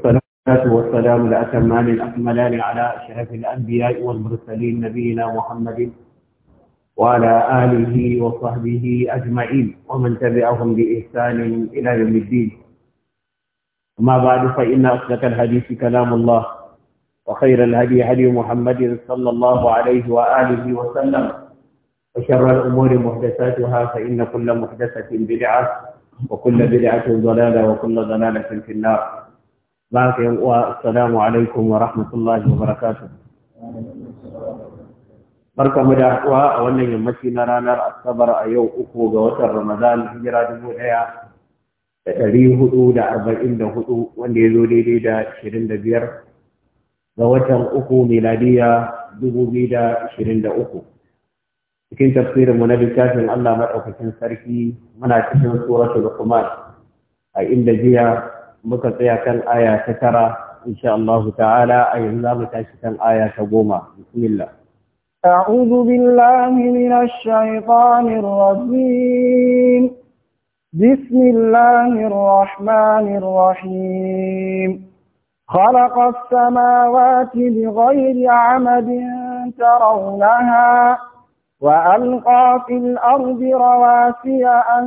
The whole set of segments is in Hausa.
والصلاة والسلام الأتمان الأكملان على أشرف الأنبياء والمرسلين نبينا محمد وعلى آله وصحبه أجمعين ومن تبعهم بإحسان إلى يوم الدين أما بعد فإن أصدق الحديث كلام الله وخير الهدي هدي محمد صلى الله عليه وآله وسلم وشر الأمور محدثاتها فإن كل محدثة بدعة وكل بدعة ضلالة وكل ضلالة في النار معك يا uwa, عليكم alaikum wa wa barka mu da haɗuwa a wannan yammaci na ranar asabar a yau uku ga watan ramadan hijira dubu ɗaya da ɗari hudu da arba'in da hudu wanda ya zo daidai da ashirin da biyar ga watan uku miladiya dubu biyu da ashirin da uku cikin tafsirin mu na littafin allah maɗaukakin sarki muna cikin da kuma a inda jiya muka tsaya kan aya ta tara insha Allah ta'ala a yanzu za mu tashi kan aya ta goma bismillah أعوذ بالله من الشيطان الرجيم بسم الله الرحمن الرحيم خلق السماوات بغير عمد ترونها وألقى في الأرض رواسي أن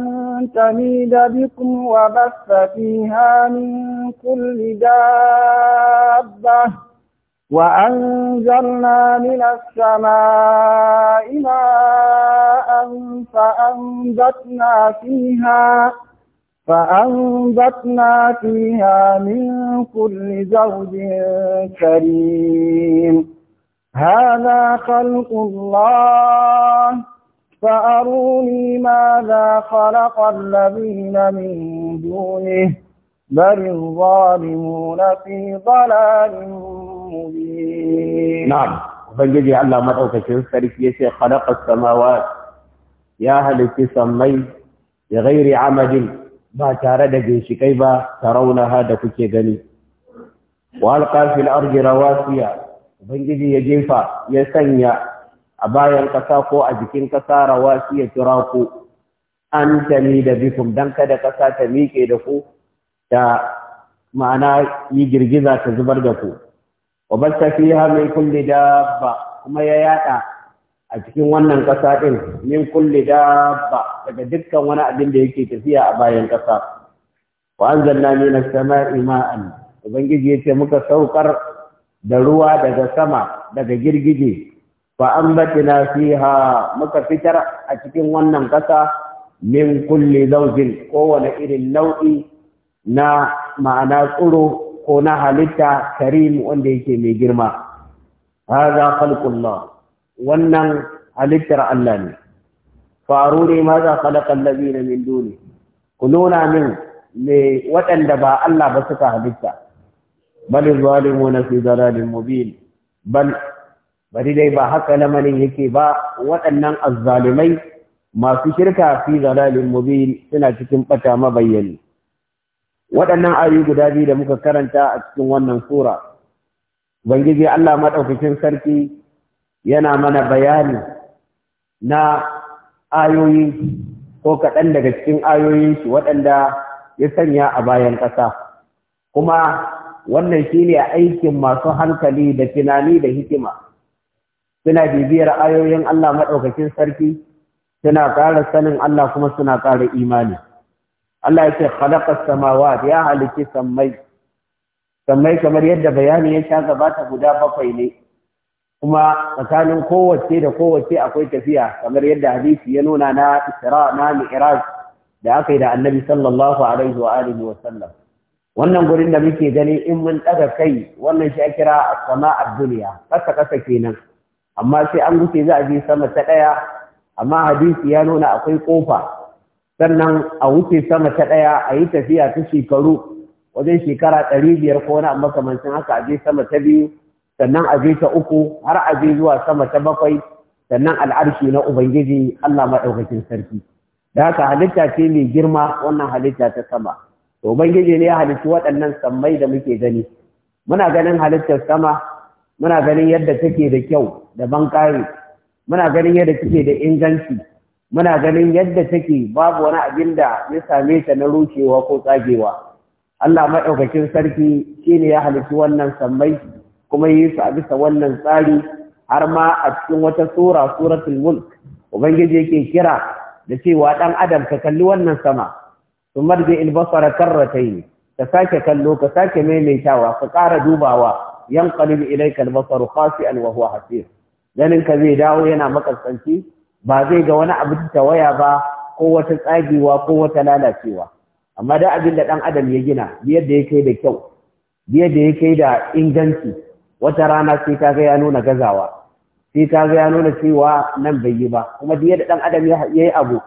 تميد بكم وبث فيها من كل دابة وأنزلنا من السماء ماء فأنبتنا فيها فأنبتنا فيها من كل زوج كريم هذا خلق الله فأروني ماذا خلق الذين من دونه بل الظالمون في ضلال مبين نعم ubangiji Allah madaukakin sarki yace khalaqa samawat ya halitti sammai da ghairi amadin ba tare da ginshikai ba ta tarawunaha da kuke gani wa alqa fil ardi rawasiya ubangiji ya jefa ya sanya a bayan ƙasa ko a jikin ƙasa shi ya kira ku an tani da bikum dan kada ƙasa ta miƙe da ku ta ma'ana yi girgiza ta zubar da ku wa basta fiha min kulli dabba kuma ya yada a cikin wannan ƙasa din min kulli dabba daga dukkan wani abin da yake tafiya a bayan ƙasa wa anzalna minas sama'i ma'an ubangiji yace muka saukar da ruwa daga sama daga girgije fa ambatina fiha muka fitar a cikin wannan kasa min kulli zawjin kowane irin nau'i na ma'ana tsuro ko na halitta karim wanda yake mai girma hadha khalqullah wannan halittar Allah ne faruni ma za khalaqa allazina min duni kuluna min me waɗanda ba Allah ba suka halitta bal zalimuna fi dalalin mubin bal bari dai ba haka lamarin yake ba waɗannan azzalimai masu shirka fi dalalin mubin suna cikin bata mabayyani waɗannan ayu guda biyu da muka karanta a cikin wannan sura ubangiji Allah madaukakin sarki yana mana bayani na ayoyi ko kaɗan daga cikin ayoyin shi waɗanda ya sanya a bayan ƙasa kuma wannan shine aikin masu hankali da tunani da hikima suna bibiyar ayoyin Allah maɗaukacin sarki suna ƙara sanin Allah kuma suna ƙara imani Allah ce khalaqa samawa ya halicci sammai sammai kamar yadda bayani ya sha gabata guda bakwai ne kuma tsakanin kowace da kowace akwai tafiya kamar yadda hadisi ya nuna na Isra na Mi'raj da aka yi da Annabi sallallahu alaihi wa alihi wa sallam wannan gurin da muke gani in mun ɗaga kai wannan shi kira a sama a duniya kasa kasa kenan amma sai an wuce za a je sama ta ɗaya amma hadisi ya nuna akwai ƙofa sannan a wuce sama ta ɗaya a yi tafiya ta shekaru wajen shekara ɗari biyar ko wani amma kamancin haka a je sama ta biyu sannan a je ta uku har a je zuwa sama ta bakwai sannan al'arshi na ubangiji Allah maɗaukakin sarki da haka halitta ce mai girma wannan halitta ta sama ubangiji ne ya halitta waɗannan sammai da muke gani muna ganin halittar sama muna ganin yadda take da kyau da bankare muna ganin yadda take da inganci muna ganin yadda take babu wani abin da ya same ta na rushewa ko tsagewa Allah maɗaukakin sarki shine ya halitta wannan sammai kuma yi su a bisa wannan tsari har ma a cikin wata sura suratul mulk ubangiji yake kira da cewa dan adam ka kalli wannan sama su marje ilbasara karratai ka sake kallo ka sake maimaitawa ka ƙara dubawa yan qalib ilai kalbasaru kwasi wa hasi hasir ganin ka zai dawo yana makasanci ba zai ga wani abu ta waya ba ko wata tsagewa ko wata lalacewa amma da abin da dan adam ya gina yadda ya kai da kyau yadda ya kai da inganci wata rana sai ka ga ya nuna gazawa sai ka ga ya nuna cewa nan bai yi ba kuma biyar da ɗan adam ya yi abu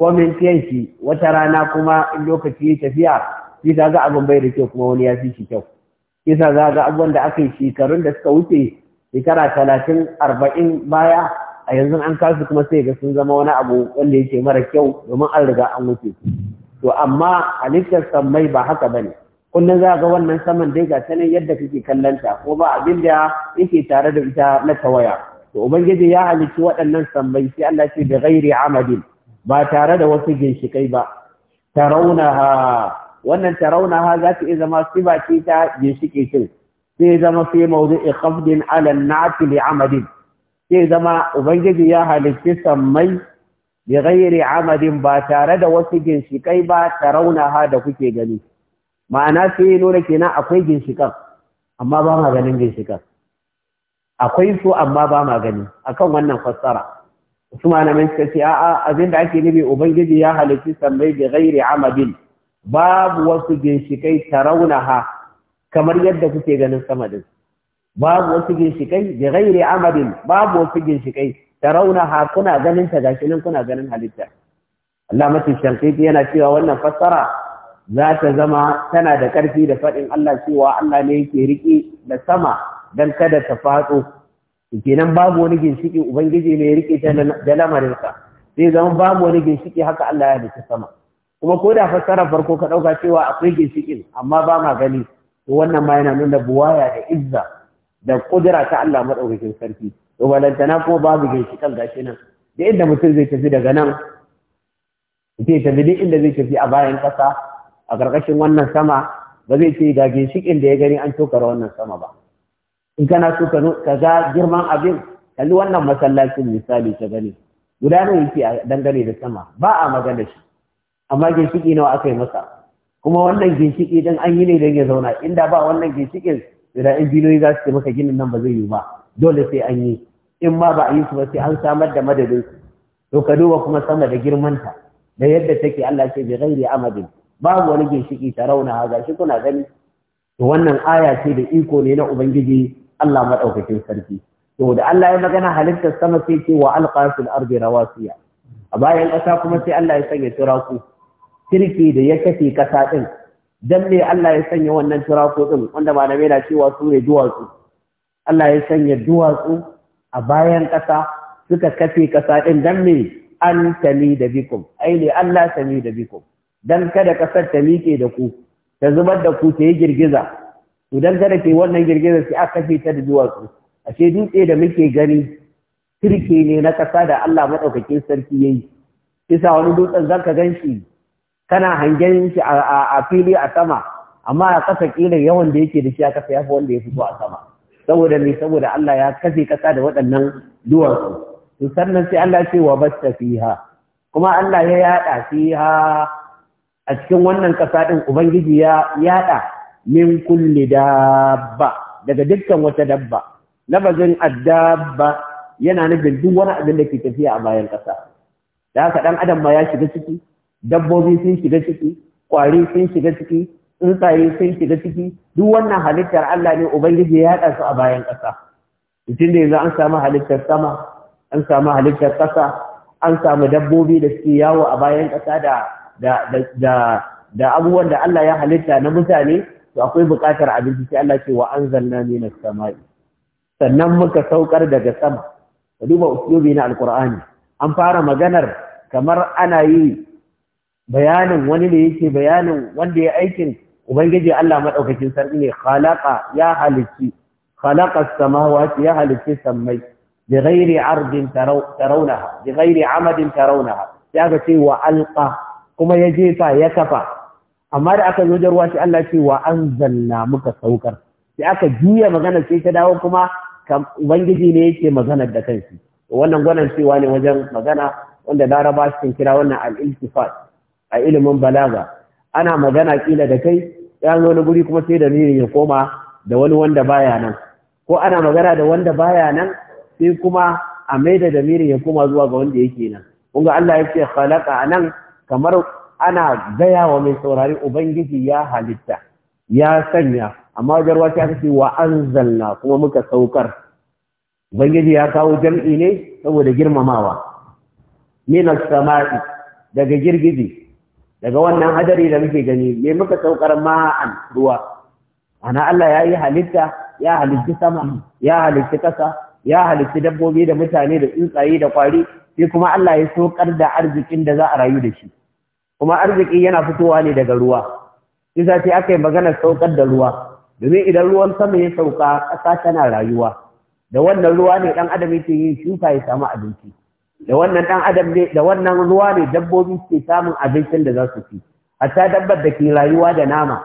komin fiyan shi wata rana kuma in lokaci ya tafiya shi ga abin bai da kyau kuma wani ya fi shi kyau kisa za ga abubuwan da aka yi shekarun da suka wuce shekara talatin arba'in baya a yanzu an kasu kuma sai ga sun zama wani abu wanda yake mara kyau domin an riga an wuce to amma halittar samai ba haka ba ne kullum za ga wannan saman dai ga ta nan yadda kake kallanta ko ba abin da yake tare da ita na tawaya to ubangiji ya halicci waɗannan sammai sai Allah ce da ghairi amadin ba tare da wasu ginshikai ba tarawunaha wannan tarawunaha za ta iya zama siba ce ta ginshike ce sai zama fi mawdu'i khafdin ala na'ti li amadin sai zama ubangiji ya halicci sammai bi ghairi amadin ba tare da wasu ginshikai ba tarawunaha da kuke gani ma'ana sai nuna kenan akwai ginshikan amma ba ma ganin ginshikan akwai su amma ba ma gani akan wannan fassara su malamai suka ce a'a abin da ake nufi ubangiji ya halitta sammai da ghairi amadin babu wasu ginshikai tarawunaha kamar yadda kuke ganin sama din babu wasu ginshikai da ghairi amadin babu wasu ginshikai tarawunaha kuna ganin ta gashi nan kuna ganin halitta Allah mace shankiti yana cewa wannan fassara za ta zama tana da ƙarfi da faɗin Allah cewa Allah ne yake riƙe da sama dan kada ta faɗo kenan babu wani ginshiki ubangiji ne ya rike da lamarinsa sai zama babu wani ginshiki haka Allah ya rike sama kuma ko da fassara farko ka dauka cewa akwai ginshikin amma ba ma gani to wannan ma yana nuna buwaya da izza da kudura ta Allah madaukakin sarki to balantana ko babu ginshikan gashi nan da inda mutum zai tafi daga nan zai tafi duk inda zai tafi a bayan kasa a ƙarƙashin wannan sama ba zai ce ga ginshikin da ya gani an tokara wannan sama ba in kana so ka ga girman abin kalli wannan masallacin misali ta gani guda nawa yake a dangane da sama ba a magana shi amma ginshiki nawa aka yi masa kuma wannan ginshiki din an yi ne don ya zauna inda ba wannan ginshikin da injiniyoyi za su ce maka ginin nan ba zai yi ba dole sai an yi in ma ba a yi su ba sai an samar da madadin su to ka duba kuma sama da girman ta. da yadda take Allah ce bi ghairi amadin babu wani ginshiki ta rauna haza shi kuna gani to wannan aya ce da iko ne na ubangiji Allah maɗaukakin sarki to da Allah ya magana halittar sama sai ce wa alqasil ardi rawasiya a bayan ƙasa kuma sai Allah ya sanya turaku kirki da ya kafe ƙasa ɗin. dan me Allah ya sanya wannan turaku ɗin wanda malamai na cewa su ne duwatsu Allah ya sanya duwatsu a bayan ƙasa suka kafe ƙasa ɗin dan me an tami da bikum ai ne Allah tami da bikum dan kada ƙasar ta miƙe da ku ta zubar da ku ta yi girgiza idan da ke wannan girgizar sai aka kashe ta da duwatsu ashe dutse da muke gani turke ne na kasa da Allah maɗaukakin sarki yayi yi isa wani dutsen zaka ka gan kana hangen shi a fili a sama amma a kasa kila yawan da yake da shi a ƙasa ya wanda ya fito a sama saboda me saboda Allah ya kashe kasa da waɗannan duwatsu to sannan sai Allah ce wa basta fiha kuma Allah ya yaɗa fiha a cikin wannan kasa din ubangiji ya yada? min kulli dabba daga dukkan wata dabba labazin addabba yana nufin duk wani abin da ke tafiya a bayan ƙasa da haka ɗan adam ma ya shiga ciki dabbobi sun shiga ciki ƙwari sun shiga ciki tsuntsaye sun shiga ciki duk wannan halittar Allah ne ubangiji ya haɗa su a bayan ƙasa mutum da yanzu an samu halittar sama an samu halittar ƙasa an samu dabbobi da suke yawo a bayan ƙasa da da da da abubuwan da Allah ya halitta na mutane to akwai buƙatar abinci sai Allah ce wa anzalna minas sama'i sannan muka saukar daga sama ka duba uslubi na alqur'ani an fara maganar kamar ana yi bayanin wani ne yake bayanin wanda ya aikin ubangiji Allah madaukakin sarki ne khalaqa ya halitti khalaqa as-samawati ya halitti sammai. bi ghairi ardin tarawnaha bi ghairi amadin tarawnaha ya ga ce wa alqa kuma ya jefa ya kafa amma da aka zo jarwa shi Allah ce wa zanna muka saukar sai aka juya magana sai ta dawo kuma ubangiji ne yake magana da kansa. wannan gwanan cewa ne wajen magana wanda laraba sun kira wannan al-iltifat a ilimin balaga ana magana kila da kai ya zo wani guri kuma sai da ne ya koma da wani wanda baya nan ko ana magana da wanda baya nan sai kuma a maida da ya koma zuwa ga wanda yake nan kun ga Allah ya ce khalaqa anan kamar ana gaya wa mai saurari ubangiji ya halitta ya sanya amma jarwa ta kace wa anzalna kuma muka saukar ubangiji ya kawo jam'i ne saboda girmamawa minas sama'i daga girgiji daga wannan hadari da muke gani me muka saukar ma'an ruwa ana Allah ya yi halitta ya halitti sama ya halitti ƙasa, ya halitti dabbobi da mutane da tsuntsaye da kwari sai kuma Allah ya saukar da arzikin da za a rayu da shi kuma arziki yana fitowa ne daga ruwa isa ce aka yi maganar saukar da ruwa domin idan ruwan sama ya sauka ƙasa tana rayuwa da wannan ruwa ne ɗan adam yake yin shuka ya samu abinci da wannan ɗan adam ne da wannan ruwa ne dabbobi ke samun abincin da za su ci hatta dabbar da ke rayuwa da nama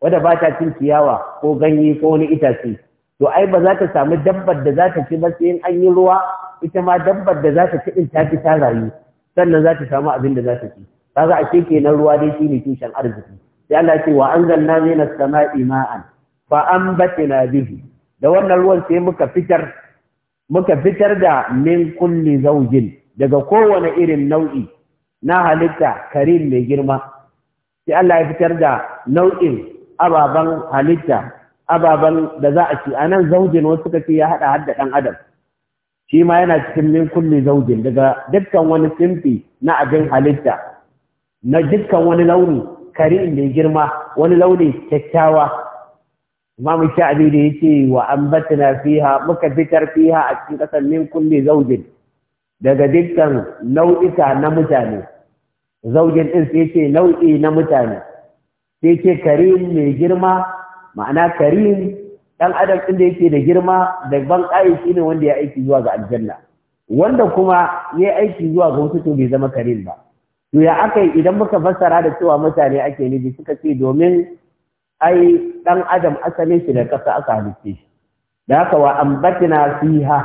wadda ba ta cin ciyawa ko ganye ko wani itace to ai ba za ta samu dabbar da za ta ci ba sai in an yi ruwa ita ma dabbar da za ta ci in ta ci ta rayu sannan za ta samu abin da za ta ci kaga ke kenan ruwa dai shine tushen arziki sai Allah ce wa anzalna minas sama'i ma'an fa anbatna bihi da wannan ruwan sai muka fitar muka fitar da min kulli zaujin daga kowane irin nau'i na halitta karim mai girma sai Allah ya fitar da nau'in ababan halitta ababan da za a ci a nan zaujin wasu suka ce ya haɗa har da ɗan adam shi ma yana cikin min kulli zaujin daga dukkan wani simfi na abin halitta na dukkan wani launi kari mai girma wani launi kyakkyawa imam sha'abi da yace wa ambatna fiha muka fitar fiha a cikin kasan min kulli zawjin daga dukkan nau'ika na mutane zaujin din sai yake nau'i na mutane sai yake karim mai girma ma'ana karim dan adam din da yake da girma da ban kai shine wanda ya aiki zuwa ga aljanna wanda kuma ya aiki zuwa ga wuta to bai zama karim ba to ya aka idan muka fassara da cewa mutane ake nufi suka ce domin ai dan adam asalin shi da kasa aka halitte shi da haka wa ambatina fiha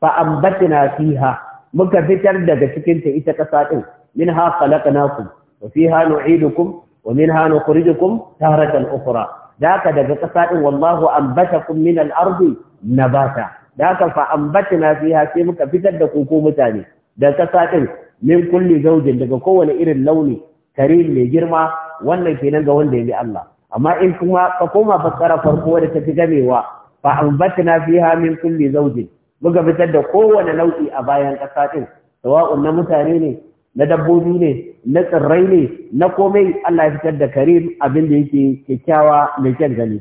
fa ambatina fiha muka fitar daga cikin ta ita kasa din minha khalaqnakum wa fiha nu'idukum wa minha nukhrijukum taratan ukhra da haka daga kasa din wallahu ambatakum min al-ardi nabata da haka fa ambatina fiha sai muka fitar da ku ko mutane da ƙasa ɗin min kulli zaujin daga kowane irin launi karim mai girma wannan ke kenan ga wanda ya bi Allah amma in kuma ka koma fassara farko da ta fi gamewa fa ambatna fiha min kulli zaujin muka fitar da kowane nau'i a bayan ƙasa ɗin sawa'un na mutane ne na dabbobi ne na tsirrai ne na komai Allah ya fitar da karim abin da yake kyakkyawa mai kyan gani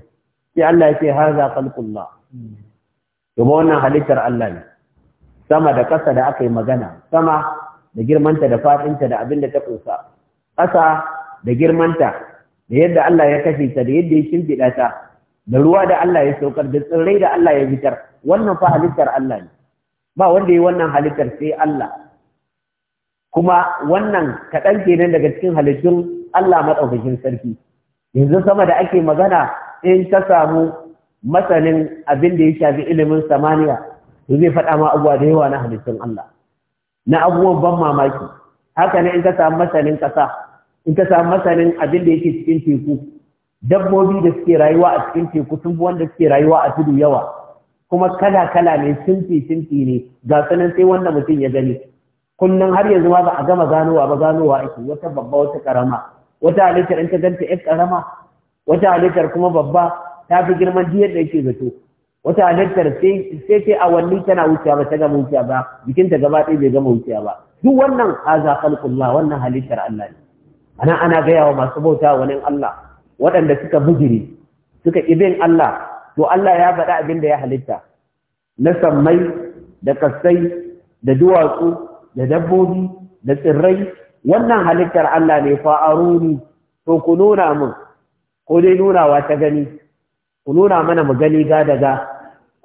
sai Allah ya ce haza khalqullah to wannan halittar Allah ne sama da ƙasa da aka yi magana sama da girmanta da faɗinta da abin da ta ƙunsa ƙasa da girmanta da yadda Allah ya kashe ta da yadda ya shimfiɗa ta da ruwa da Allah ya saukar da tsirrai da Allah ya fitar wannan fa halittar Allah ne ba wanda ya yi wannan halittar sai Allah kuma wannan kaɗan kenan daga cikin halittun Allah maɗaukakin sarki yanzu sama da ake magana in ta samu masanin abin da ya shafi ilimin samaniya zai faɗa ma abuwa da yawa na halittun Allah na abubuwan ban mamaki haka ne in ka samu masanin ƙasa in ka samu masanin abin da yake cikin teku dabbobi da suke rayuwa a cikin teku sun wanda suke rayuwa a tudu yawa kuma kala kala ne sinfi sinfi ne ga nan sai wanda mutum ya gani kullum har yanzu ma ba a gama ganowa ba ganowa ake wata babba wata karama wata halittar in ka ganta ƴar karama wata halittar kuma babba ta fi girman jiyar da yake zato wata halittar sai sai awanni tana wuciya ba ta gama wuciya ba ta gaba ɗaya bai gama wuciya ba duk wannan haza khalqullah wannan halittar Allah ne ana ana gaya wa masu bauta wa Allah waɗanda suka bijiri suka ibin Allah to Allah ya faɗa abin da ya halitta na sammai da kasai da duwatsu da dabbobi da tsirrai wannan halittar Allah ne fa'aruni to ku nuna min ko dai nunawa ta gani ku nuna mana mu gani ga daga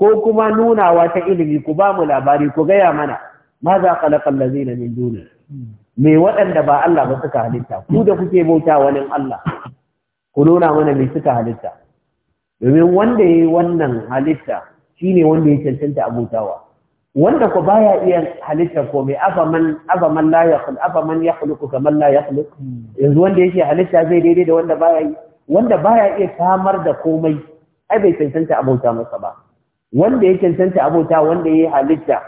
ko kuma nunawa ta ilimi ku ba mu labari ku gaya mana ma za khalaqal ladzina min duni me waɗanda ba Allah ba suka halitta ku da kuke bauta wani Allah ku nuna mana me suka halitta domin wanda ya yi wannan halitta shine wanda ya cancanta abutawa wanda ku baya iya halitta ko me afaman man la yakhluq afaman yakhluqu kaman la yanzu wanda yake halitta zai daidai da wanda baya yi wanda baya iya samar da komai ai bai cancanta abota masa ba wanda ya cancanta abota wanda ya yi halitta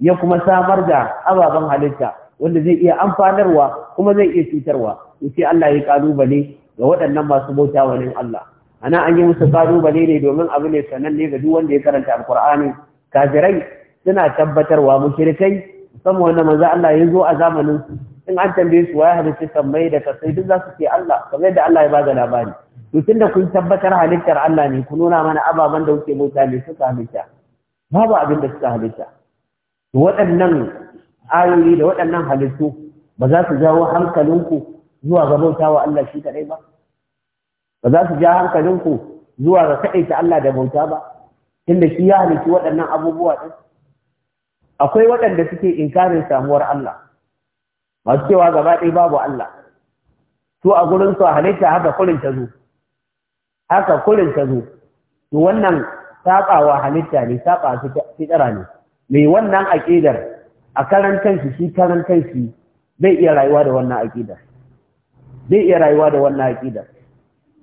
ya kuma samar da ababen halitta wanda zai iya amfanarwa kuma zai iya cutarwa sai Allah ya kalubale ga waɗannan masu bauta wani Allah ana an yi musu kalubale ne domin abu ne sananne ga duk wanda ya karanta alkur'ani kafirai suna tabbatarwa mushrikai musamman wanda manzo Allah ya zo a zamanin in an tambaye su waye halitta sammai da kasai duk za su ce Allah kamar yadda Allah ya bada labari to tunda kun tabbatar halittar Allah ne ku nuna mana ababan da kuke mota ne suka halitta babu abin da suka halitta to waɗannan ayoyi da waɗannan halittu ba za su jawo hankalinku zuwa ga bauta wa Allah shi kadai ba ba za su ja hankalinku zuwa ga kaɗaita Allah da bauta ba tunda shi ya halitta waɗannan abubuwa ɗin akwai waɗanda suke inkarin samuwar Allah masu cewa gaba ɗaya babu Allah su a gurin su a halitta haka kullum ta zo haka kurin ta zo to wannan sabawa halitta ne saba fitara ne mai wannan aƙidar a karantan shi karantan shi zai iya rayuwa da wannan aƙidar zai iya rayuwa da wannan aƙidar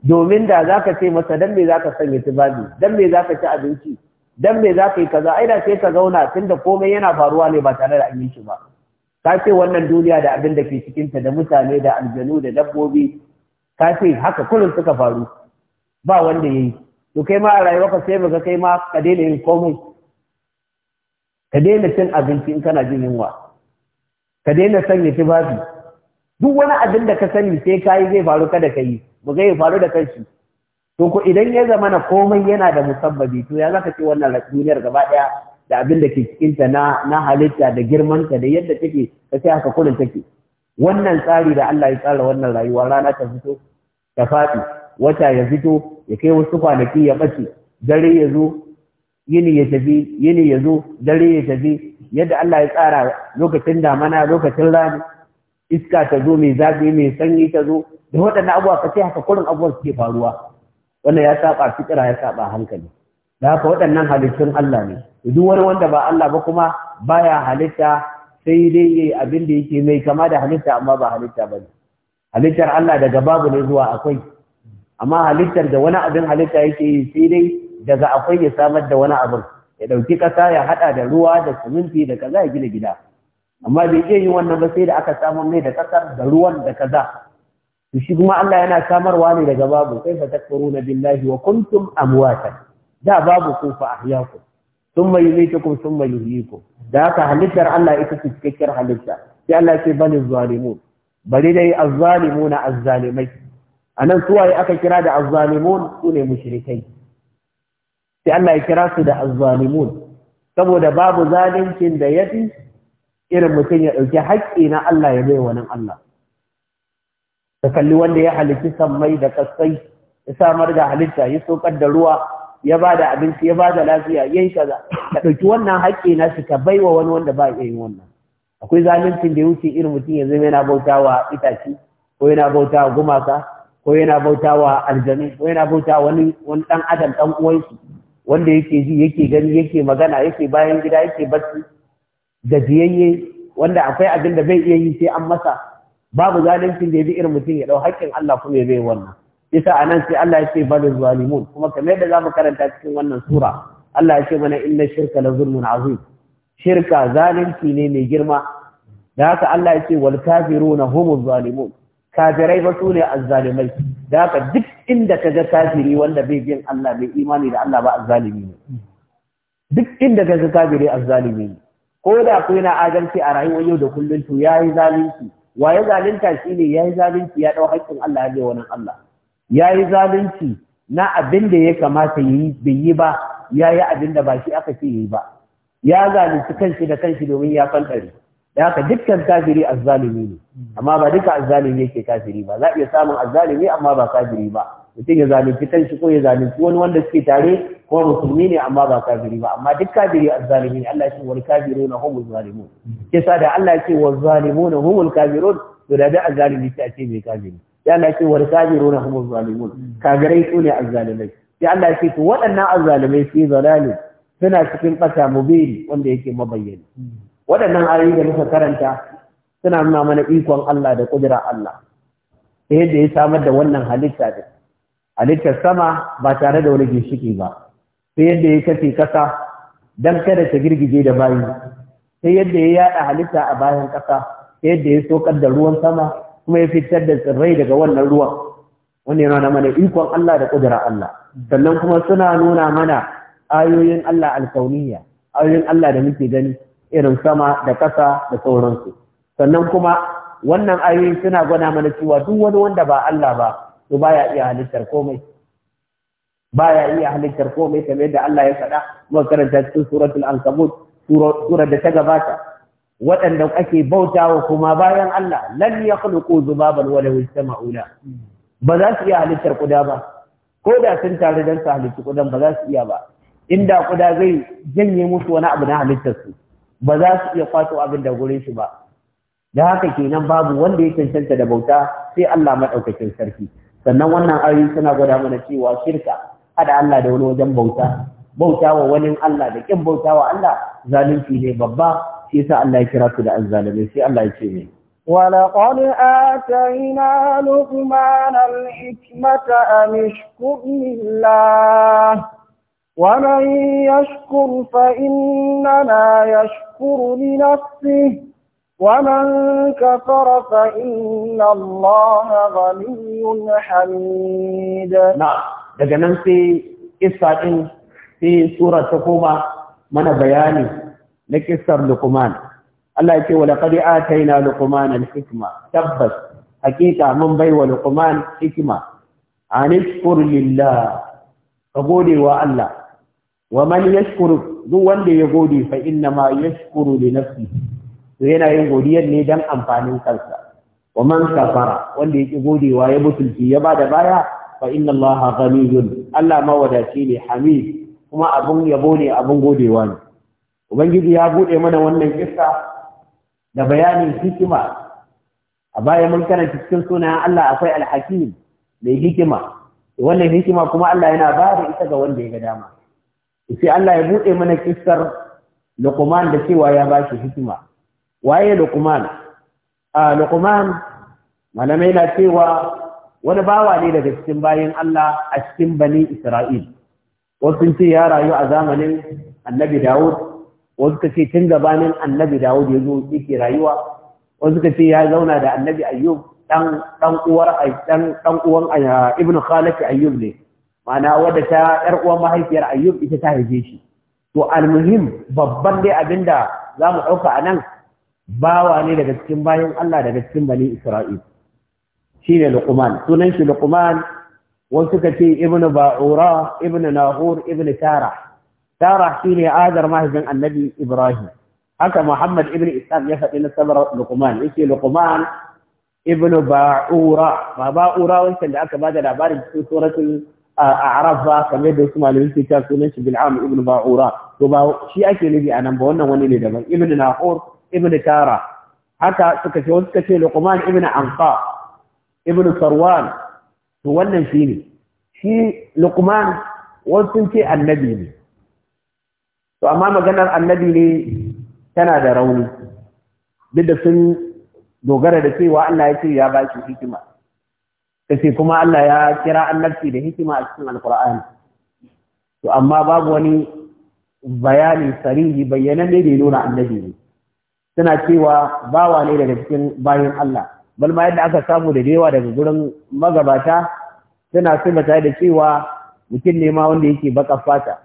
domin da zaka ce masa dan me zaka sanya tibabi dan me zaka ci abinci dan me zaka yi kaza ai da sai ka zauna tunda komai yana faruwa ne ba tare da aminci ba ka ce wannan duniya da abin da ke cikinta da mutane da aljanu da dabbobi ka ce haka kullum suka faru ba wanda yayi to kai ma a rayuwarka sai ga kai ma ka daina yin komai ka daina cin abinci in kana jin yunwa ka daina sanya tufafi duk wani abin da ka sani sai ka yi zai faru kada ka yi ba zai faru da kanshi to ko idan ya zama na komai yana da musabbabi to ya zaka ci wannan duniyar gaba daya da abin da ke cikinta na na halitta da girmanta da yadda take ka sai haka kullun take wannan tsari da Allah ya tsara wannan rayuwa rana ta fito ta faɗi wata ya fito ya kai wasu kwanaki ya ɓace dare ya zo yini ya tafi yini ya zo dare ya tafi yadda Allah ya tsara lokacin damana lokacin rani iska ta zo mai zafi mai sanyi ta zo da waɗannan abubuwa ka ce haka kurin abuwa suke faruwa wannan ya saba fitira ya saba hankali da haka waɗannan halittun Allah ne duk wani wanda ba Allah ba kuma baya halitta sai dai yayi abin da yake mai kama da halitta amma ba halitta ne. halittar Allah daga babu ne zuwa akwai amma halittar da wani abin halitta yake yi sai dai daga akwai ya samar da wani abin ya ɗauki ƙasa ya haɗa da ruwa da siminti da kaza ya gina gida amma bai iya yin wannan ba sai da aka samar mai da ƙasar da ruwan da kaza to shi kuma Allah yana samarwa ne daga babu sai fa takfuruna billahi wa kuntum amwatan da babu ku fa ahyaku thumma yumeetukum thumma yuhyikum da haka halittar Allah ita ce cikakkiyar halitta sai Allah ya ce bani zalimun bari dai azzalimuna azzalimai A anan suwaye aka kira da azzalimun su ne mushrikai sai Allah ya kira su da azzalimun saboda babu zalincin da yafi irin mutum ya ɗauki haƙƙi na Allah ya bai wani Allah ka kalli wanda ya halitta sammai da kasai ya samar da halitta ya sokar da ruwa ya ba da abinci ya ba da lafiya ya yi kaza ka ɗauki wannan haƙƙi na shi ka baiwa wani wanda ba iya yin wannan akwai zaluncin da ya wuce irin mutum ya zama yana bautawa itace ko yana bautawa gumaka ko yana bautawa aljanu ko yana bautawa wani wani dan adam dan uwansu wanda yake ji yake gani yake magana yake bayan gida yake da gajiyayye wanda akwai abin da bai iya yi sai an masa babu zalincin da ya bi irin mutum ya dau haƙƙin Allah kuma ya bai wannan yasa anan sai Allah ya ce zalimun kuma kamar yadda zamu karanta cikin wannan sura Allah ya ce mana inna shirka la zulmun azim shirka zalunci ne mai girma da haka Allah ya ce wal kafiruna humuz zalimun kafirai ba su ne azzalimai da haka duk inda ka ga kafiri wanda bai bin Allah bai imani da Allah ba azzalimi ne duk inda ka ga kafiri azzalimi ne ko da ku yana adalci a rayuwar yau da kullum to yayi zalunci waye zalunta shine yayi zalunci ya dau haƙƙin Allah ya bai wani Allah yayi zalunci na abin da ya kamata yi bai yi ba yayi abin da ba shi aka ce yi ba ya zalunci kanshi da kanshi domin ya fantare da haka dukkan kafiri azzalimi ne amma ba duka azzalimi yake kafiri ba za a iya samun azzalimi amma ba kafiri ba mutum ya zalunci kanshi ko ya zalunci wani wanda suke tare ko musulmi ne amma ba kafiri ba amma duk kafiri azzalimi ne Allah ya ce wal kafiruna humul zalimun sa da Allah ya ce wal zalimuna humul kafirun to da da azzalimi sai a ce bai kafiri ya Allah ya ce wal kafiruna humul zalimun kafirai su ne azzalimai ya Allah ya ce to waɗannan azzalimai fi zalalin suna cikin ɓata mubiri wanda yake mabayyana waɗannan ayoyi da muka karanta suna nuna mana ikon Allah da kudura Allah ta yadda ya samar da wannan halitta da halittar sama ba tare da wani ginshiki ba ta yadda ya kafe kasa don kada ta girgije da bayi ta yadda ya yada halitta a bayan kasa ta yadda ya sokar da ruwan sama kuma ya fitar da tsirrai daga wannan ruwan wannan yana mana ikon Allah da kudura Allah sannan kuma suna nuna mana ayoyin Allah alkauniya ayoyin Allah da muke gani irin sama da ƙasa da sauransu sannan kuma wannan ayoyi suna gwada mana cewa duk wani wanda ba Allah ba to baya iya halittar komai baya iya halittar komai kamar yadda Allah ya faɗa muka karanta cikin suratul ankabut surar da ta gabata waɗanda ake bautawa kuma bayan Allah lan yakhluqu zubaban wala yajtama'u la ba za su iya halittar kuda ba ko da sun tare don su halitta kudan ba za su iya ba inda kuda zai janye musu wani abu na halittar su ba za su iya kwato abin da gurin shi ba da haka kenan babu wanda ya cancanta da bauta sai Allah madaukakin sarki sannan wannan ayoyi suna gwada mana cewa shirka haɗa Allah da wani wajen bauta bauta wa wani Allah da ƙin bauta wa Allah zalunci ne babba shi yasa Allah ya kira su da azzalimai sai Allah ya ce ne ولقد آتينا لقمان الحكمة أن اشكر لله ومن يشكر فإننا يشكر لنفسه ومن كفر فإن الله غني حميد نعم دقنا في قصة في سورة حكومة من بياني لكسر لقمان الله يقول ولقد آتينا لقمان الحكمة تبت حقيقة من بي ولقمان حكمة عن اشكر لله قبولي والله wa yashkuru duk wanda ya gode fa inna ma yashkuru li to yana yin godiyar ne dan amfanin kansa wa man kafara wanda yake godewa ya mutunci ya bada baya fa inna Allah ghaniyun Allah mawadaci ne hamid kuma abun yabo ne abun godewa ne ubangiji ya buɗe mana wannan kissa da bayanin hikima a baya mun kana cikin sunayen Allah akwai alhakim mai hikima wannan hikima kuma Allah yana bada isa ita ga wanda ya ga dama sai Allah ya buɗe mana kissar Luqman da cewa ya ba shi hikima waye Luqman a Luqman malamai na cewa wani bawa ne daga cikin bayan Allah a cikin bani Isra'il wasu ce ya rayu a zamanin Annabi Dawud wasu ka ce tun gabanin Annabi Dawud ya zo yake rayuwa wasu ka ce ya zauna da Annabi Ayyub dan dan uwar dan dan uwan Ibn Khalid Ayyub ne mana wadda ta ‘yar uwan mahaifiyar ayyub ita ta haife shi to almuhim babban dai abinda za mu ɗauka a nan bawa ne daga cikin bayan Allah daga cikin bani Isra'il shi ne Luqman sunan shi Luqman wasu ka ce ibnu ba'ura ibnu nahur ibnu tara tara shi ne azar mahaifin annabi Ibrahim haka Muhammad Ibnu Isaac ya faɗi sabar Luqman yake Luqman ibnu ba'ura ba ba'ura wancan da aka bada labarin cikin suratul a arab ba kamar yadda su malamin suke ta sunan shi bil'am ibn ba'ura to ba shi ake nabi a ba wannan wani ne daban ibn nahur ibn tara haka suka ce wasu suka ce luqman ibn anqa ibn sarwan to wannan shi ne shi luqman wasu sun ce annabi ne to amma maganar annabi ne tana da rauni duk da sun dogara da cewa Allah ya ce ya ba shi hikima sai kuma Allah ya kira annabci da hikima a cikin alqur'ani to amma babu wani bayani sarihi bayyana ne da nuna annabi ne suna cewa bawa ne daga cikin bayan Allah bal ma yadda aka samu da dewa daga gurin magabata suna sibata da cewa mutum ne ma wanda yake baka fata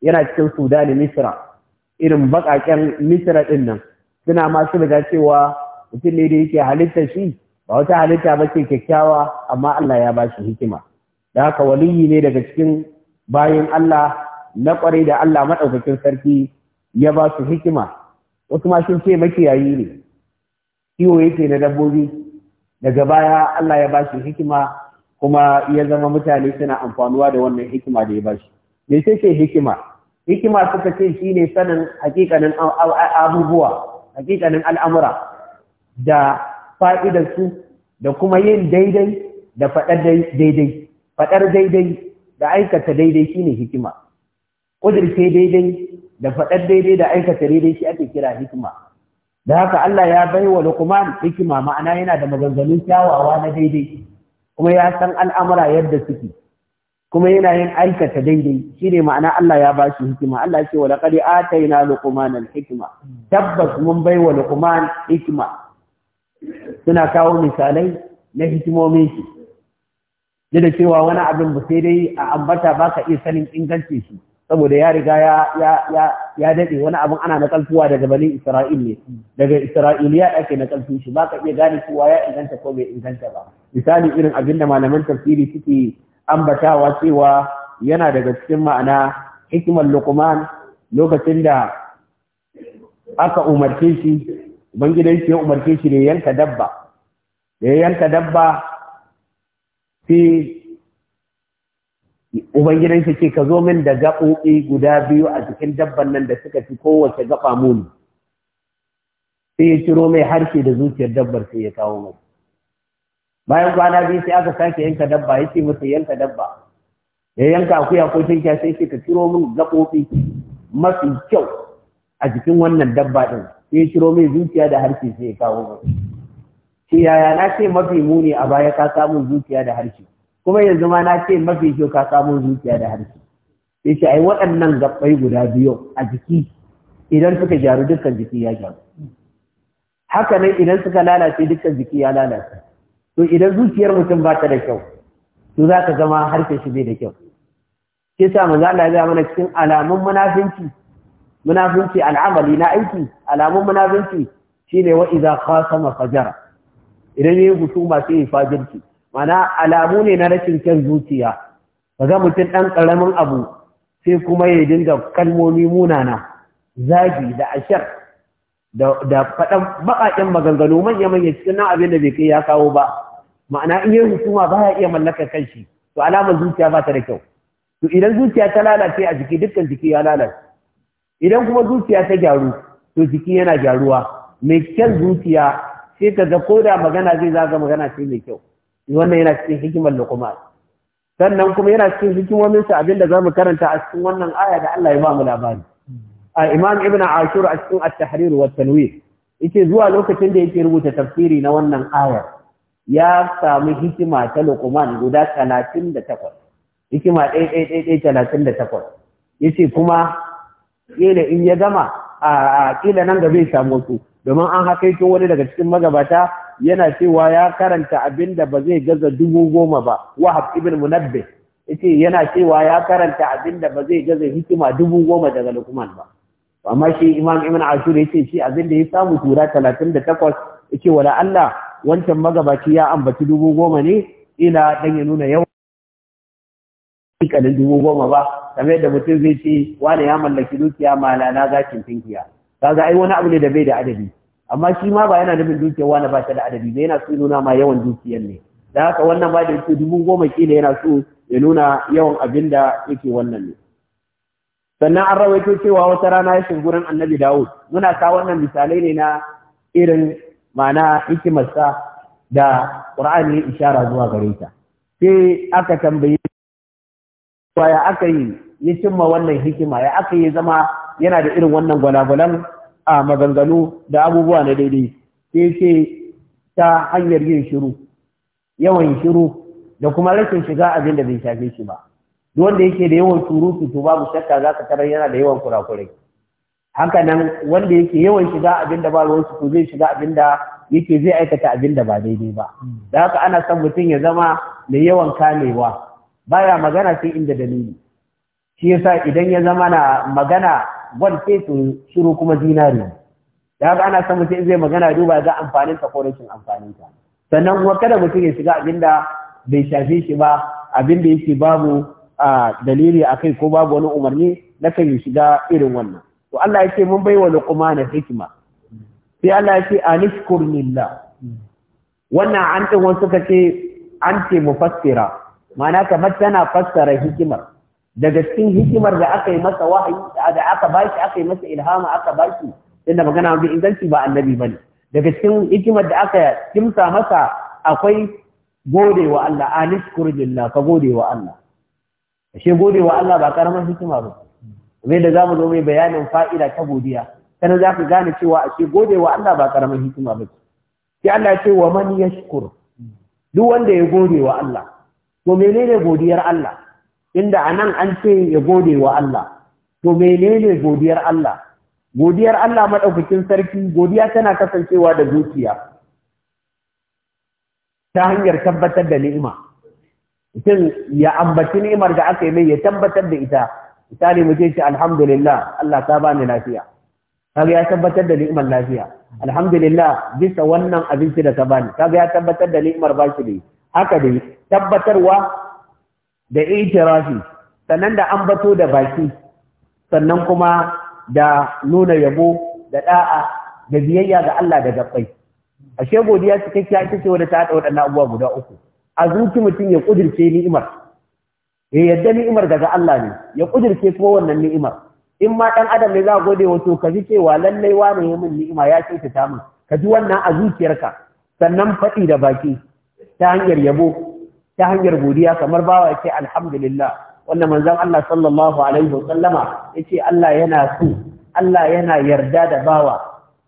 yana cikin Sudan Misra irin bakaken Misra din suna ma sibata cewa mutum ne da yake halitta shi ba wata halitta ba ce kyakkyawa amma Allah ya bashi hikima da haka waliyi ne daga cikin bayan Allah na ƙwarai da Allah maɗaukacin sarki ya ba su hikima wasu ma sun ce makiyayi ne kiwo yake na dabbobi daga baya Allah ya ba shi hikima kuma ya zama mutane suna amfanuwa da wannan hikima da ya ba shi me ce ce hikima hikima suka ce shine sanin hakikanin abubuwa hakikanin al'amura da su, da kuma yin daidai da faɗar daidai faɗar daidai da aikata daidai shine hikima ƙudurce daidai da faɗar daidai da aikata daidai shi ake kira hikima da haka Allah ya bai wa Luqman hikima ma'ana yana da maganganun kyawawa na daidai kuma ya san al'amura yadda suke kuma yana yin aikata daidai shine ma'ana Allah ya ba shi hikima Allah ya ce wa laqad atayna luqmana al hikima?' tabbas mun bai wa Luqman hikima suna kawo misalai na hikimomin shi da cewa wani abin ba sai dai a ambata ba ka iya sanin inganci shi saboda ya riga ya dade, wani abin ana nakaltuwa daga bani Isra'il ne daga Isra'iliya ake nakaltun shi ba ka iya gane cewa ya inganta ko bai inganta ba misali irin abin da malaman tafsiri suke ambatawa cewa yana daga cikin ma'ana hikimar Luqman lokacin da aka umarce shi Ubangidanci ya umarce shi ne yanka dabba da ya yanka dabba fi Ubangidanci ce ka zo min da gaɓoɓi guda biyu a cikin dabban nan da suka fi kowace gaɓa muni sai ya ciro mai harshe da zuciyar dabbar sai ya kawo mai bayan kwana biyu sai aka sake yanka dabba ya ce masa yanka dabba ya yanka akuya ko tinkiya sai ce ka ciro min gaɓoɓi mafi kyau a jikin wannan dabba ɗin sai shiro mai zuciya da harshe sai ya kawo mu ce yaya na ce mafi muni a baya ka samun zuciya da harshe kuma yanzu ma na ce mafi kyau ka samun zuciya da harshe sai ce ai waɗannan gaɓɓai guda biyu a jiki idan suka gyaru dukkan jiki ya gyaru haka nan idan suka lalace dukkan jiki ya lalace to idan zuciyar mutum ba ta da kyau to za ka zama harshen shi bai da kyau sai sa manzo Allah ya mana cikin alamun munafinci Munafunci al'amali na aiki alamun munafinci shine wa idza khasama fajara idan yayi husuma sai ya fajirci mana alamu ne na rashin kyan zuciya ga mutum dan karamin abu sai kuma ya dinga kalmomi munana zagi da ashar da da fadan baƙaƙen maganganu manya manya cikin nan abin da bai kai ya kawo ba ma'ana in yayi husuma ya iya mallakar kanshi to alamar zuciya ba ta da kyau to idan zuciya ta lalace a jiki dukkan jiki ya lalace idan kuma zuciya ta gyaru to jiki yana gyaruwa mai kyan zuciya sai ka ga ko da magana zai zaga magana ce mai kyau wannan yana cikin hikimar luqman sannan kuma yana cikin hikimomin sa abinda zamu karanta a cikin wannan aya da Allah ya ba mu labari a imam ibn ashur a cikin at-tahrir wa tanwir yace zuwa lokacin da yake rubuta tafsiri na wannan ayar ya samu hikima ta lokuman guda 38 hikima ɗaya 38 yace kuma kila in ya gama a kila nan gaba zai samu wasu domin an hakaito wani daga cikin magabata yana cewa ya karanta abin da ba zai gaza dubu goma ba wahab ibn munabbi yace yana cewa ya karanta abin da ba zai gaza hikima dubu goma daga lukman ba amma shi imam ibn ashur yace shi abin da ya samu tura 38 yace wala Allah wancan magabaci ya ambaci dubu goma ne ila dan ya nuna yawa hikanin dubu goma ba kamar yadda mutum zai ce wani ya mallaki dukiya malana zakin tinkiya kaga ai wani abu ne da bai da adadi amma shi ma ba yana nufin dukiyar wani ba ta da adadi ba yana so nuna ma yawan dukiyar ne da haka wannan ba da yake dubu goma kila yana so ya nuna yawan abin da yake wannan ne sannan an rawaito cewa wata rana ya shiga gurin annabi dawud muna sa wannan misalai ne na irin ma'ana hikimarsa da ƙur'ani ya ishara zuwa gare ta sai aka tambayi Wa ya aka yi ya cimma wannan hikima ya aka yi zama yana da irin wannan gwalagwalan a maganganu da abubuwa na daidai sai ce ta hanyar yin shiru yawan shiru da kuma rashin shiga abin da bai shafe shi ba duk wanda yake da yawan surutu to babu shakka za ka tarar yana da yawan kurakurai haka nan wanda yake yawan shiga abin da ba su to zai shiga abin da yake zai aikata abin da ba daidai ba da haka ana son mutum ya zama mai yawan kamewa baya magana sai inda dalili shi yasa idan ya zama na magana gwal sai shiru kuma zinari da ba ana san mutum zai magana duba ga amfanin ta ko rashin amfanin ta. sannan kuma kada mutum ya shiga abinda bai shafe shi ba abinda da yake babu a dalili akai ko babu wani umarni na kan shiga irin wannan to Allah yake mun bai wa na hikima sai Allah yake anishkur lillah wannan an din wasu kace an ce mufassira ma'ana kamar tana fassara hikimar daga cikin hikimar da aka yi masa wahayi da aka ba shi aka yi masa ilhama aka bashi tunda magana mai inganci ba annabi ba ne. daga cikin hikimar da aka kimsa masa akwai gode wa Allah anishkur lillah ka gode wa Allah ashe gode wa Allah ba karamar hikima ba kamar da zamu zo mai bayanin fa'ida ta godiya kana za ka gane cewa ashe gode wa Allah ba karamar hikima ba sai Allah ya ce wa man yashkur duk wanda ya gode wa Allah to menene godiyar Allah inda anan an ce ya gode wa Allah to menene godiyar Allah godiyar Allah madaukakin sarki godiya tana kasancewa da zuciya ta hanyar tabbatar da ni'ima mutum ya ambaci ni'imar da aka yi mai ya tabbatar da ita misali mu ce shi alhamdulillah Allah ta bani lafiya kaga ya tabbatar da ni'imar lafiya alhamdulillah bisa wannan abinci da ta bani kaga ya tabbatar da ni'imar bashi ne haka dai tabbatarwa da itirafi sannan da an bato da baki sannan kuma da nuna yabo da da'a da biyayya ga Allah da gabbai ashe godiya cikakkiya ita ce wadda ta haɗa waɗannan abubuwa guda uku a zuci mutum ya kudirce ni'imar ya yadda ni'imar daga Allah ne ya kudirce kuma wannan ni'imar in ma ɗan adam ne za gode wato ka ji cewa lallai wane ya min ni'ima ya ce ta min ka ji wannan a zuciyarka sannan faɗi da baki ta hanyar yabo ta hanyar godiya kamar bawa ya ce alhamdulillah wannan manzon Allah sallallahu alaihi wasallama yace Allah yana so Allah yana yarda da bawa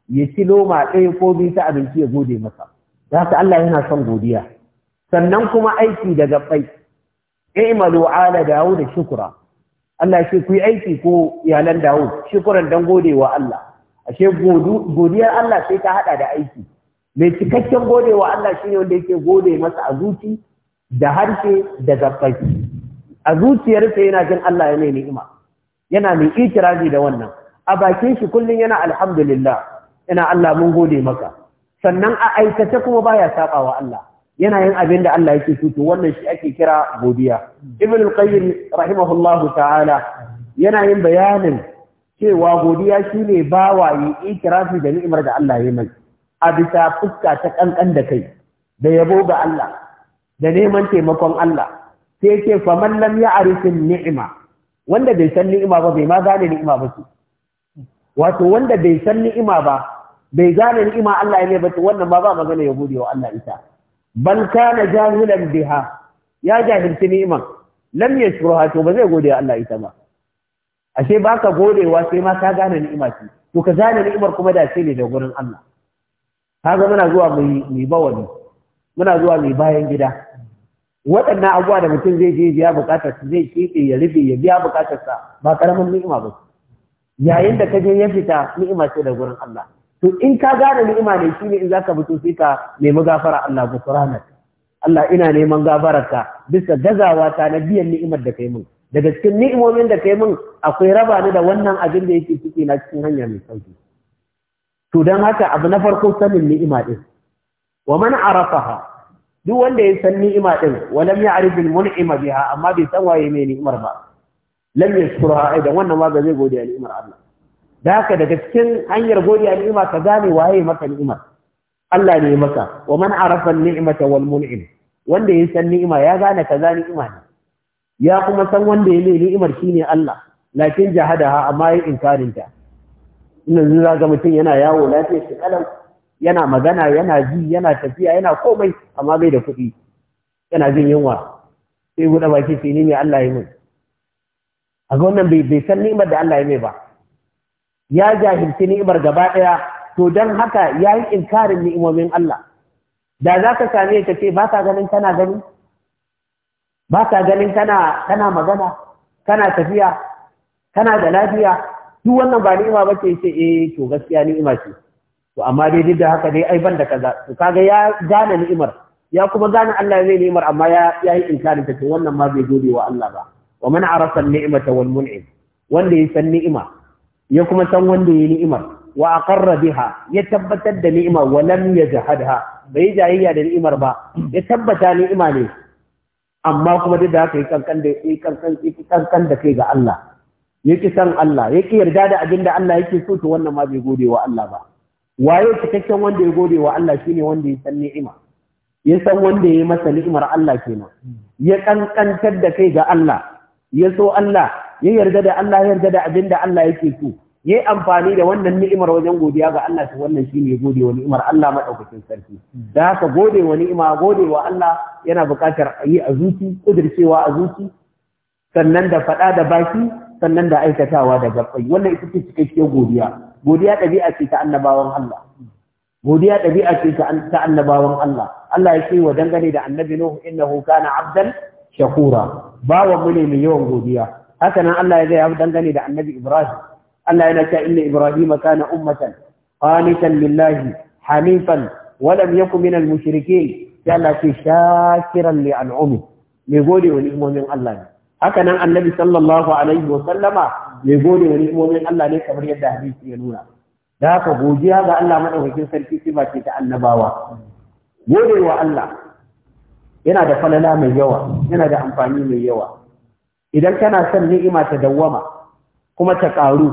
ya ci loma ɗaya ko biyu ta abinci ya gode masa da haka Allah yana son godiya sannan kuma aiki da gabbai i'malu ala da shukra Allah shi ku yi aiki ko iyalan dawo. shukran dan gode wa Allah ashe godiyar Allah sai ta hada da aiki mai cikakken gode wa Allah shine wanda yake gode masa a zuci da harshe da gaffai a zuciyarsa yana jin Allah ya mai ni'ima yana mai ikirazi da wannan a bakin shi kullum yana alhamdulillah yana Allah mun gode maka sannan a aikace kuma baya saba wa Allah yana yin abin da Allah yake so to wannan shi ake kira godiya ibn al-qayyim rahimahullahu ta'ala yana yin bayanin cewa godiya shine bawaye ikirazi da ni'imar da Allah ya mai a bisa fuska ta ƙanƙan da kai da yabo ga Allah da neman taimakon Allah sai yake faman lam ya'rifin ni'ima wanda bai san ni'ima ba bai ma gane ni'ima ba su wato wanda bai san ni'ima ba bai gane ni'ima Allah ya ne ba wannan ba, ba magana ya gode wa Allah ita bal kana jahilan biha ya jahilci ni'iman lam yashkurha to ba zai gode wa Allah ita ba ashe baka godewa sai ma ka gane ni'ima ce to ka gane ni'imar kuma da ce ne da gurin Allah kaga muna zuwa mai bawani muna zuwa mai bayan gida waɗannan abubuwa da mutum zai je biya bukatar su zai keɓe ya rufe ya biya bukatar sa ba karamin ni'ima ba yayin da ka je ya fita ni'ima ce da gurin Allah to in ka gane ni'ima ne shine in zaka fito sai ka nemi gafara Allah gufranak Allah ina neman gafararka bisa gazawa ta na biyan ni'imar da kai mun daga cikin ni'imomin da kai mun akwai raba ni da wannan abin da yake ciki na cikin hanya mai sauki to dan haka abu na farko sanin ni'ima din wa man arafaha duk wanda ya san ni'ima din walam ya'rif al-mun'ima biha amma bai san waye mai ni'imar ba lam yashkurha aidan wannan ma ba zai gode ni'imar Allah da haka daga cikin hanyar godiya ni'ima ka gane waye maka ni'imar Allah ne maka wa man arafa an-ni'mata wal mun'im wanda ya san ni'ima ya gane kaza ni'ima ne ya kuma san wanda ya mai ni'imar shine Allah lakin jahadaha amma ya inkarinta yanzu za ga mutum yana yawo lafiya shi kalau yana magana yana ji yana tafiya yana komai amma bai da kuɗi yana jin yunwa sai guda baki sai ni mai Allah ya min a ga wannan bai san ni'imar da Allah ya mai ba ya jahilci ni'imar gaba ɗaya to don haka ya yi inkarin ni'imomin Allah da za ka same ka ce ba ka ganin kana gani ba ka ganin kana magana kana tafiya kana da lafiya duk wannan ba ni'ima ba ce ce eh to gaskiya ni'ima ce to amma dai duk da haka dai ai ban da kaza to kaga ya gane ni'imar ya kuma gane Allah zai ni'imar amma ya yi inkarin ta to wannan ma bai gode wa Allah ba wa man arafa ni'mata wal mun'im wanda ya san ni'ima ya kuma san wanda ya yi ni'imar wa aqarra biha ya tabbatar da ni'ima wa lam yajhadha bai jayayya da ni'imar ba ya tabbata ni'ima ne amma kuma duk da haka yi kankan kankan da kai ga Allah yake san Allah yake yarda da abin da Allah yake so to wannan ma bai gode wa Allah ba waye cikakken wanda ya gode wa Allah shine wanda ya san ni'ima ya san wanda ya yi masa ni'imar Allah kenan ya kankantar da kai ga Allah ya so Allah ya yarda da Allah ya yarda da abin da Allah yake so yi amfani da wannan ni'imar wajen godiya ga Allah to wannan shine ya gode wa ni'imar Allah madaukakin sarki da haka gode wa ni'ima gode wa Allah yana buƙatar yi a zuci kudircewa a zuci sannan da faɗa da baki sannan da aikatawa da gabbai wannan ita ce cikakkiyar godiya godiya ɗabi'a ce ta annabawan Allah godiya ɗabi'a ce ta annabawan Allah Allah ya ce wa dangane da annabi Nuhu innahu kana abdan shakura bawa mu ne mai yawan godiya haka nan Allah ya gaya dangane da annabi Ibrahim Allah yana cewa inna Ibrahim kana ummatan qanitan lillahi hanifan wa lam yakun minal mushrikeen ya Allah ce shakiran li al'umi mai gode wa ni'imomin Allah ne haka nan annabi sallallahu alaihi wa sallama mai gode wa ni'imomin Allah ne kamar yadda hadisi ya nuna da haka godiya ga Allah madaukakin sarki sifa ce ta annabawa gode wa Allah yana da falala mai yawa yana da amfani mai yawa idan kana son ni'ima ta dawwama kuma ta ƙaru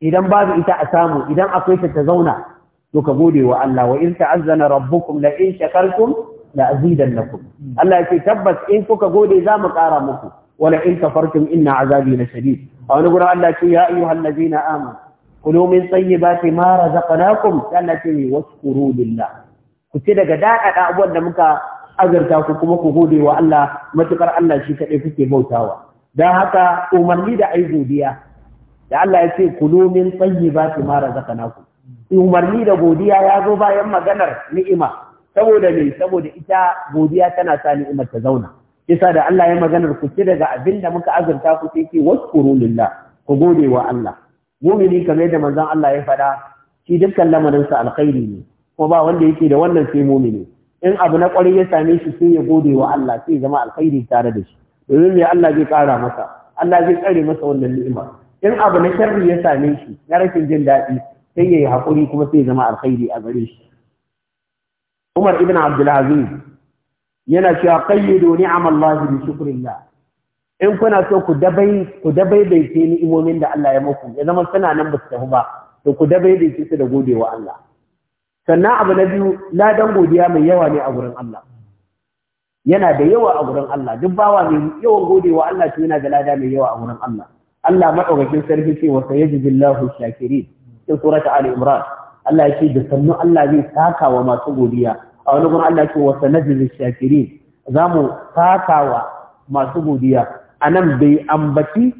idan babu ita a samu idan akwai ta ta zauna to ka gode wa Allah wa in ta'azzana rabbukum la in shakartum la azidannakum Allah yake tabbas in kuka gode za mu ƙara muku wala in kafartum inna azabi lashadid a wani gurin Allah ce ya ayyuhal ladina amanu kulu min tayyibati ma razaqnakum Allah ce waskuru lillah ku ce daga daɗaɗa abubuwan da muka azurta ku kuma ku gode wa Allah matukar Allah shi kaɗai kuke bautawa Da haka umarni da ai godiya da Allah ya ce kulu min tayyibati ma razaqnakum umarni da godiya ya zo bayan maganar ni'ima saboda me saboda ita godiya tana sa ni'imar ta zauna yasa da Allah ya maganar ku ci daga abin da muka azurta ku sai ce waskuru lillah ku gode wa Allah mumini kamar yadda manzon Allah ya faɗa shi dukkan lamarin sa alkhairi ne kuma ba wanda yake da wannan sai mumini in abu na kwarai ya same shi sai ya gode wa Allah sai zama alkhairi tare da shi domin me Allah zai kara masa Allah zai tsare masa wannan ni'ima in abu na sharri ya same shi na rashin jin daɗi sai ya yi haƙuri kuma sai zama alkhairi a gare shi Umar ibn Abdulaziz yana cewa qayyidu ni'amallahi bi shukrillah in kuna so ku dabai ku dabai ni'imomin da Allah ya muku ya zama suna nan ba su tafi ba to ku dabai su da godewa Allah sannan abu na biyu ladan godiya mai yawa ne a gurin Allah yana da yawa a gurin Allah duk bawa mai yawan godewa Allah to yana da lada mai yawa a gurin Allah Allah madaukakin sarki ce wa sayajidillahu shakirin cikin surata Ali Imran Allah yake da sannu Allah zai saka wa masu godiya a wani gun Allah ce wa sanajin shakirin za mu takawa masu godiya a nan bai ambaci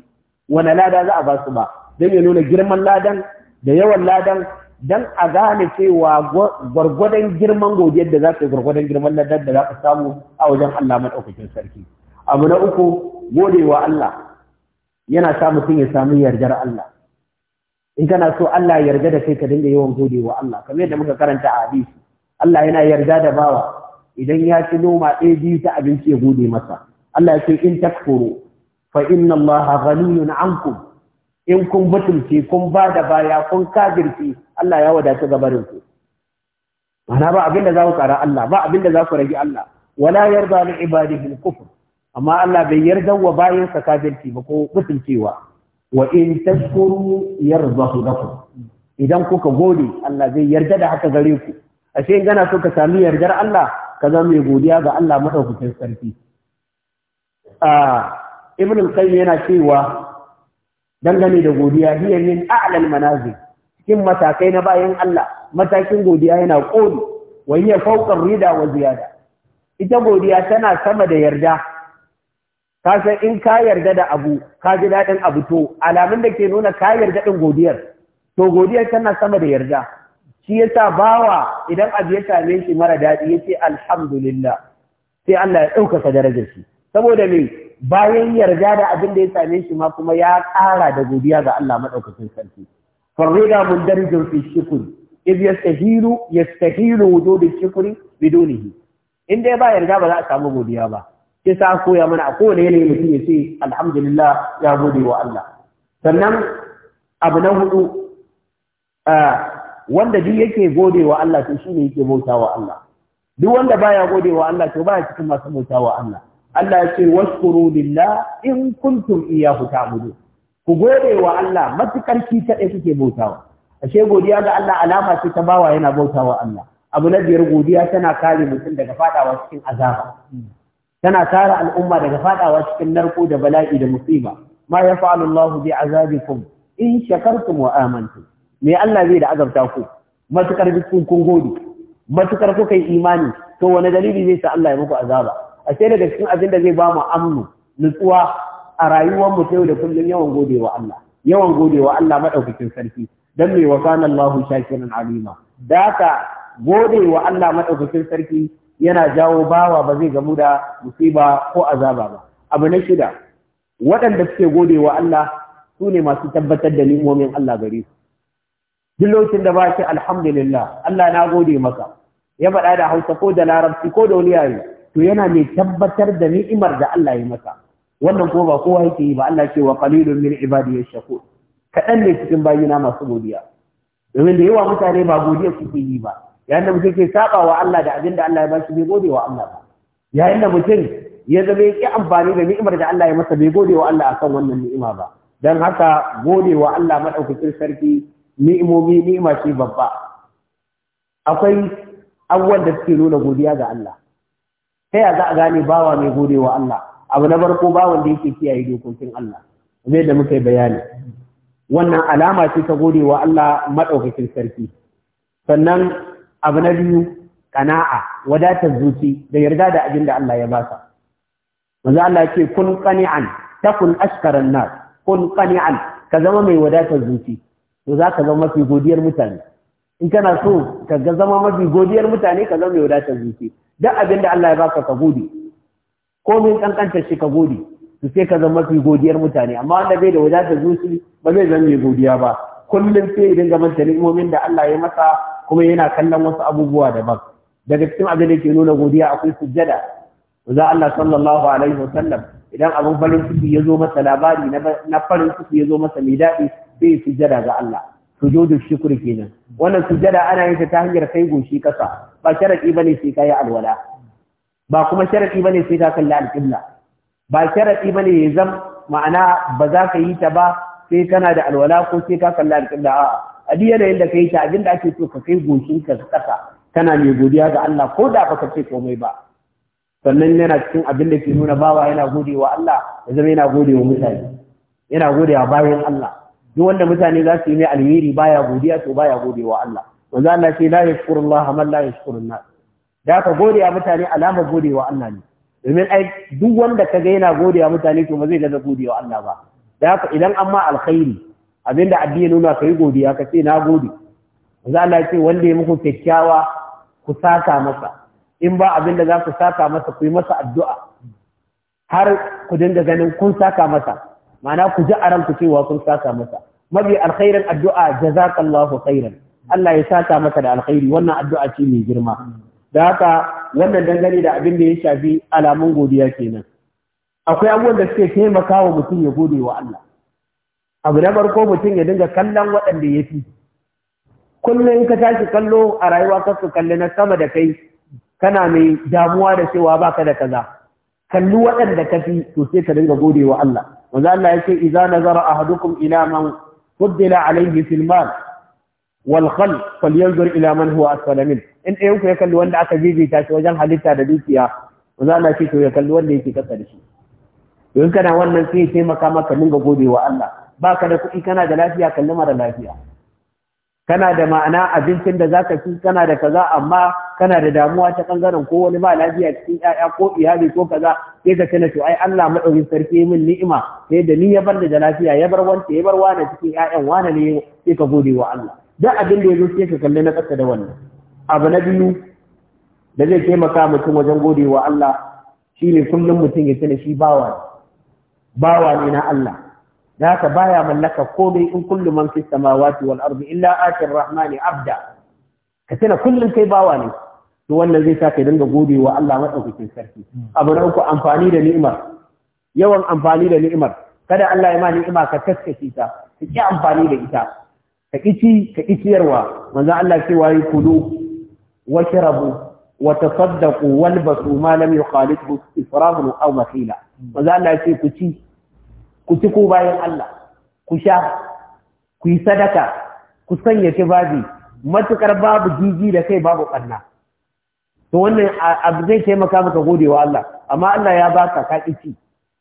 wani lada za a ba su ba don ya nuna girman ladan da yawan ladan don a gane cewa gwargwadon girman godiyar da za ka yi gwargwadon girman ladan da za ka samu a wajen Allah maɗaukakin sarki abu na uku godewa Allah yana sa mutum ya samu yardar Allah in kana so Allah yarda da kai ka dinga yawan godewa Allah kamar yadda muka karanta a hadisi Allah yana yarda da bawa idan ya ci noma ɗaya biyu ta abinci ya gode masa Allah ya ce in takfuru fa inna Allah ghaniyun ankum in kun butulce kun ba da baya kun kafirce Allah ya wadata gabarin ku mana ba abin da za ku tsara Allah ba abin da za ku rage Allah wala yarda li ibadihi al-kufr amma Allah bai yarda wa bayansa kafirci ba ko butulcewa wa in tashkuru yardahu lakum idan kuka gode Allah zai yarda da haka gare ku ashe in gana so ka sami yardar Allah ka zama mai godiya ga Allah madaukakin sarki a ibn al-qayyim yana cewa dangane da godiya hiya min a'lal manazil cikin matakai na bayan Allah matakin godiya yana koli wa hiya fawqa rida wa ziyada ita godiya tana sama da yarda ka san in ka yarda da abu ka ji daɗin abu to alamun da ke nuna ka yarda din godiyar to godiyar tana sama da yarda shi yasa bawa idan abu ya same shi mara daɗi ya ce alhamdulillah sai Allah ya ɗaukaka darajar shi saboda me bayan yarda da abin da ya same shi ma kuma ya ƙara da godiya ga Allah maɗaukakin sarki farida mun darajar fi shukuri iz yastahilu yastahilu wujudu shukuri bidunihi in dai ba yarda ba za a samu godiya ba sai sa koya mana a kowane yanayi mutum ya ce alhamdulillah ya gode wa Allah sannan abu na hudu ah, wanda duk yake gode wa Allah to shine yake bauta wa Allah duk wanda baya gode wa Allah to baya cikin masu bauta wa Allah Allah ya ce washkuru lillah in kuntum iyyahu ta'budun ku gode wa Allah matukar shi kadai kuke bautawa ashe godiya ga Allah alama ce ta bawa yana bautawa Allah abu na biyar godiya tana kare mutum daga fadawa cikin azaba tana kare al'umma daga fadawa cikin narko da bala'i da musiba ma yafa'alu Allah bi azabikum in shakartum wa amantum me Allah zai da azabta ku matukar dukkan kun gode matukar kuka yi imani to wani dalili zai sa Allah ya muku azaba a sai daga cikin abin da zai ba mu amnu nutsuwa a rayuwar mu yau da kullum yawan godewa Allah yawan godewa Allah madaukakin sarki dan mai wa kana Allah shakiran alima daka godewa Allah madaukakin sarki yana jawo bawa ba zai gamu da musiba ko azaba ba abu na shida waɗanda suke godewa Allah sune masu tabbatar da ni'imomin Allah gare su duk lokacin da ba shi alhamdulillah Allah na gode maka ya faɗa da Hausa ko da Larabci ko da wani yare to yana mai tabbatar da ni'imar da Allah ya masa wannan ko ba kowa yake yi ba Allah ce wa qalilun min ibadi yashkur kaɗan ne cikin bayina masu godiya domin da yawa mutane ba godiya suke yi ba yayin da mutum ke saba wa Allah da abin da Allah ya bashi bai gode wa Allah ba yayin da mutum ya zama ya ki amfani da ni'imar da Allah ya masa bai gode wa Allah akan wannan ni'ima ba dan haka gode wa Allah madaukakin sarki ni'imomi ni'ima ce babba akwai abubuwan da suke nuna godiya ga Allah ta ya za a gane bawa mai godewa Allah abu na farko bawan da yake kiyaye dokokin Allah zai da muka yi bayani wannan alama ce ta godewa Allah maɗaukakin sarki sannan abu na biyu ƙana'a wadatar zuci da yarda da abin da Allah ya ba sa manzo Allah ce kun qani'an takun ashkaran nas kun qani'an ka zama mai wadatar zuci to za ka zama mafi godiyar mutane in kana so ka ga zama mafi godiyar mutane ka zama mai wadatar zuci duk abin da Allah ya baka ka gode ko min shi ka gode to sai ka zama mafi godiyar mutane amma wanda bai da wadatar zuci ba zai zama mai godiya ba kullum sai idan gaban ta ni'imomin da Allah ya masa kuma yana kallon wasu abubuwa daban daga cikin abin da ke nuna godiya akwai sujjada za Allah sallallahu alaihi wasallam idan abin farin ciki ya zo masa labari na farin ciki ya zo masa mai daɗi sai sujada ga Allah sujudu shukr kenan wannan sujada ana yin ta ta hanyar kai goshi kasa ba sharadi bane sai kai alwala ba kuma sharadi bane sai ka kalli alqibla ba sharadi bane ya zam ma'ana ba za ka yi ta ba sai kana da alwala ko sai ka kalli alqibla a'a a duk yanayin da ka yi ta abinda ake so ka kai goshin ka kasa kana mai godiya ga Allah ko da baka ce komai ba sannan yana cikin abin da ke nuna bawa yana gode wa Allah ya zama yana gode wa mutane yana gode wa bayan Allah duk wanda mutane za su yi mai alheri baya godiya to baya wa Allah manzo Allah ce la yashkurullah man la yashkurun nas da ka gode wa mutane alama gode wa Allah ne domin ai duk wanda ka ga yana gode wa mutane to ba zai gaza gode wa Allah ba da haka idan an ma alkhairi abinda addini nuna kai godiya ka ce na gode manzo Allah ce wanda ya muku kyakkyawa ku saka masa in ba abinda za ku saka masa ku yi masa addu'a har ku dinga ganin kun saka masa ma'ana ku ji a ranku cewa kun saka masa mabi alkhairin addu'a da za jazakallahu khairan Allah ya sata maka da alkhairi wannan addu'a ce mai girma da haka wannan dangane da abin da ya shafi alamun godiya kenan akwai abubuwan da suke taimaka wa mutum ya gode wa Allah abu na farko mutum ya dinga kallon waɗanda ya fi kullum in ka tashi kallo a rayuwa ka su kalli na sama da kai kana mai damuwa da cewa baka da kaza kalli waɗanda ka fi to sai ka dinga gode wa Allah manzo Allah ya ce idza nazara ahadukum ila man فضل عليه في المال والخل فلينظر الى من هو اسفل منه إن أيوك يكل وأن اكا جيجي تاشي وجان حديثة دوكيا وزانا لا شيء يكل وأن يكي كتلشي شيء in kana wannan sai sai maka maka ga gode wa Allah baka da kuɗi kana da lafiya kalli mara lafiya kana da ma'ana abincin da zaka ci kana da kaza amma kana da damuwa ta bangaren ko wani ba lafiya cikin ƴaƴa ko iyali ko kaza sai ka tana to ai Allah madaukin sarki min ni'ima sai da ni ya bar da lafiya ya bar wance ya bar wani cikin ƴaƴan wani ne sai ka gode wa Allah duk abin da ya zo sai ka kalli na ƙasa da wannan abu na biyu da zai taimaka mutum wajen gode wa Allah shine kullum mutum ya tana shi bawa bawa ne na Allah da haka baya mallaka komai in kullu man fis samawati wal ardi illa atir rahmani abda ka tana kullum kai bawa ne to wannan zai sa ka dinga gode wa Allah madaukakin sarki abu na uku amfani da ni'imar yawan amfani da ni'imar kada Allah ya ma ni'ima ka kaskace ta ka ki amfani da ita ka kici ka kiciyarwa manzo Allah cewa yi kulu wa shrabu wa tasaddaqu walbasu ma lam yukhalifu israfun aw makhila manzo Allah ce ku ci ku ci ko bayan Allah ku sha ku yi sadaka ku sanya tibabi matukar babu jiji da kai babu ɓanna. to wannan abu zai taimaka maka godewa Allah amma Allah ya baka ka kici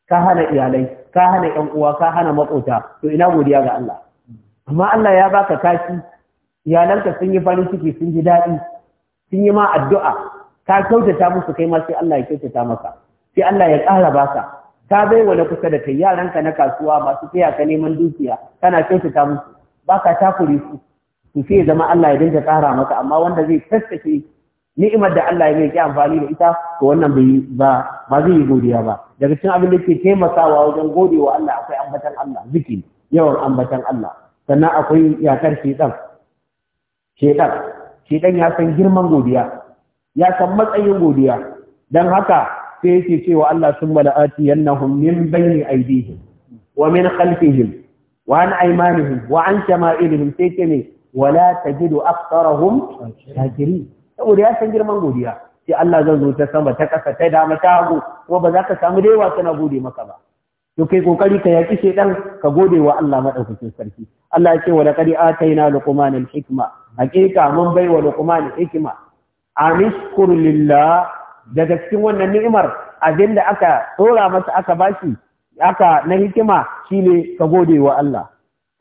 ka hana iyalai ka hana ƴan uwa ka hana makota to ina godiya ga Allah amma Allah ya baka kaki iyalanka sun yi farin ciki sun ji daɗi sun yi ma addu'a ka kyautata musu kai ma sai Allah ya kyautata maka sai Allah ya ƙara baka ka bai wa na kusa da kai yaranka na kasuwa masu tsaya ka neman dukiya kana kyautata musu baka takure su to sai zama Allah ya dinka ƙara maka amma wanda zai tattake ni'imar da Allah ya mai ki amfani da ita to wannan bai ba ba zai yi godiya ba daga cikin abin da ke taimakawa wajen godewa Allah akwai ambatan Allah zikiri yawan ambatan Allah sannan akwai yakar shedan shedan shedan ya san girman godiya ya san matsayin godiya dan haka sai yake cewa Allah sun mala'ati yannahum min bayni aydihim wa min khalfihim wa an aymanihim wa an shama'ilihim sai ce ne wala tajidu aktharahum shakirin saboda ya san girman godiya sai Allah zan zo ta sama ta ƙasa ta dama ta hagu kuma ba za ka samu da yawa tana gode maka ba to kai kokari ka yaki shedan ka gode wa Allah madaukakin sarki Allah ya ce wa laqad ataina luqman al-hikma hakika mun bai wa luqman hikma anishkur lillah daga cikin wannan ni'imar abin da aka tsora masa aka bashi aka na hikima shine ka gode wa Allah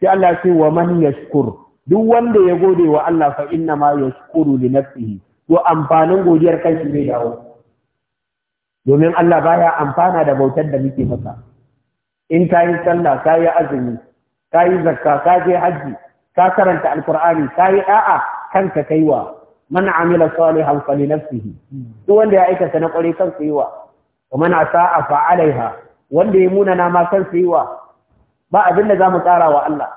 sai Allah ya ce wa man yashkur duk wanda ya gode wa Allah fa inna ma yashkuru li nafsihi to amfanin godiyar kanki zai dawo domin Allah baya amfana da bautar da muke masa in ka sallah ka azumi ka yi zakka ka je hajji ka karanta alkur'ani ka yi da'a kanka kaiwa man amila salihan fali nafsihi duk wanda ya aikata na kware kansa yiwa wa man asaa fa alaiha wanda ya munana ma kansa yiwa ba abin da zamu tsara wa Allah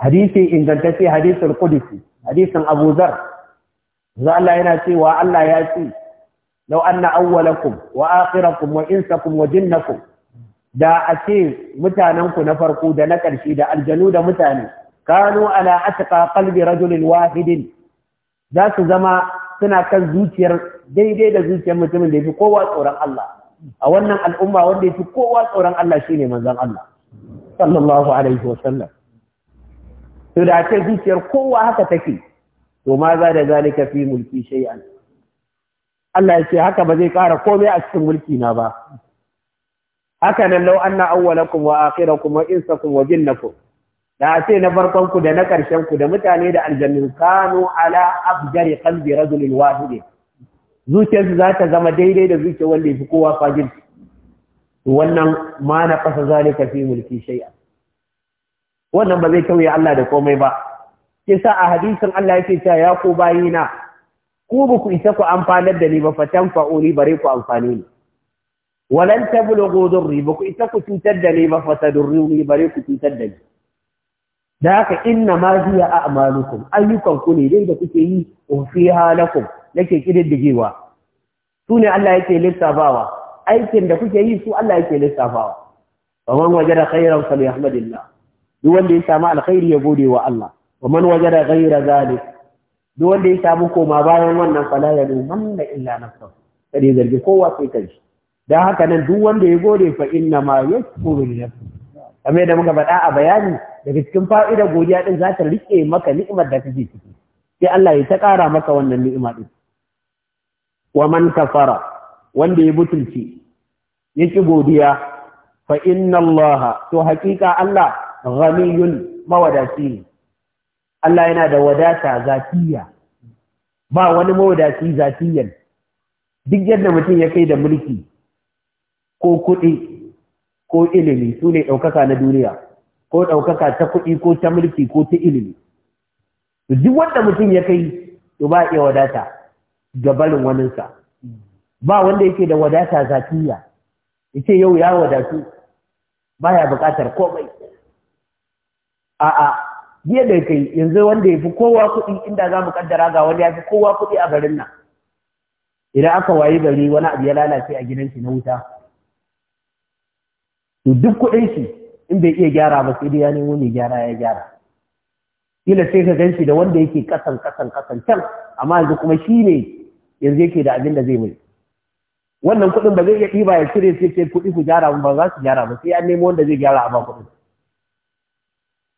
hadisi ingantacce hadisul qudsi hadisin Abu Zar za Allah yana cewa Allah ya ce law anna awwalakum wa akhirakum wa insakum wa jinnakum da a ce mutanenku na farko da na ƙarshe da aljanu da mutane kanu ala atqa qalbi rajulin wahidin za su zama suna kan zuciyar daidai da zuciyar mutumin da yafi kowa tsoron Allah a wannan al'umma wanda yafi kowa tsoron Allah shine manzon Allah sallallahu alaihi wasallam to da ce zuciyar kowa haka take to ma za da zalika fi mulki shay'an Allah ya ce haka ba zai ƙara komai a cikin mulki na ba haka nan law anna awwalakum wa akhirakum wa insakum wa jinnakum da ce na farkon ku da na ƙarshen ku da mutane da aljannu kanu ala afjari qalbi rajulin wahid zuciyarsu za ta zama daidai da zuciyar wanda fi kowa fajin wannan ma na fasa zalika fi mulki shay'an wannan ba zai kauye Allah da komai ba yasa a hadisin Allah yake cewa ya ku bayina ku ba ku isa ku amfanar da ni ba fa fatan fa'uli bare ku amfani ni walan tablughu durri ba ku isa ku cutar da ni ba fa fatadurruni bare ku cutar da ni da haka inna ma hiya a'malukum ayyukan ku ne dai da kuke yi ufiha lakum nake kididdigewa ne Allah yake lissafawa aikin da kuke yi su Allah yake lissafawa wa man wajada khayran falyahmadillah duk wanda ya samu alkhairi ya gode wa Allah wa man wajada ghayra zalik duk wanda ya samu koma bayan wannan fala ya la illa nafsa sai zargi kowa sai ji. dan haka nan duk wanda ya gode fa inna ma yakfuru li nafsi kamar da muka faɗa a bayani daga cikin fa'ida godiya din za ta rike maka ni'imar da kake ciki sai Allah ya ta ƙara maka wannan ni'ima din wa man kafara wanda ya butulci yake godiya fa inna Allah to haƙiƙa Allah ghaniyun mawadaci ne Allah yana da wadata zatiya ba wani mawadaci zafiyan. duk yadda mutum ya kai da mulki ko kuɗi ko ilimi su ne ɗaukaka na duniya ko ɗaukaka ta kuɗi ko ta mulki ko ta ilimi duk wanda mutum ya kai to ba iya wadata ga barin waninsa ba wanda yake da wadata zatiya yace yau ya wadatu ya buƙatar komai a'a jiya da kai yanzu wanda ya fi kowa kuɗi inda za mu kaddara ga wani ya fi kowa kuɗi a garin nan idan aka wayi gari wani abu ya lalace a gidan shi na wuta to duk kuɗin shi in bai iya gyara ba sai dai ya nemo mai gyara ya gyara kila sai ka gan shi da wanda yake kasan kasan kasan can amma yanzu kuma shi ne yanzu yake da abin da zai mai wannan kuɗin ba zai iya ɗiba ya cire sai sai kuɗi ku gyara ba za su gyara ba sai ya nemo wanda zai gyara a ba kuɗin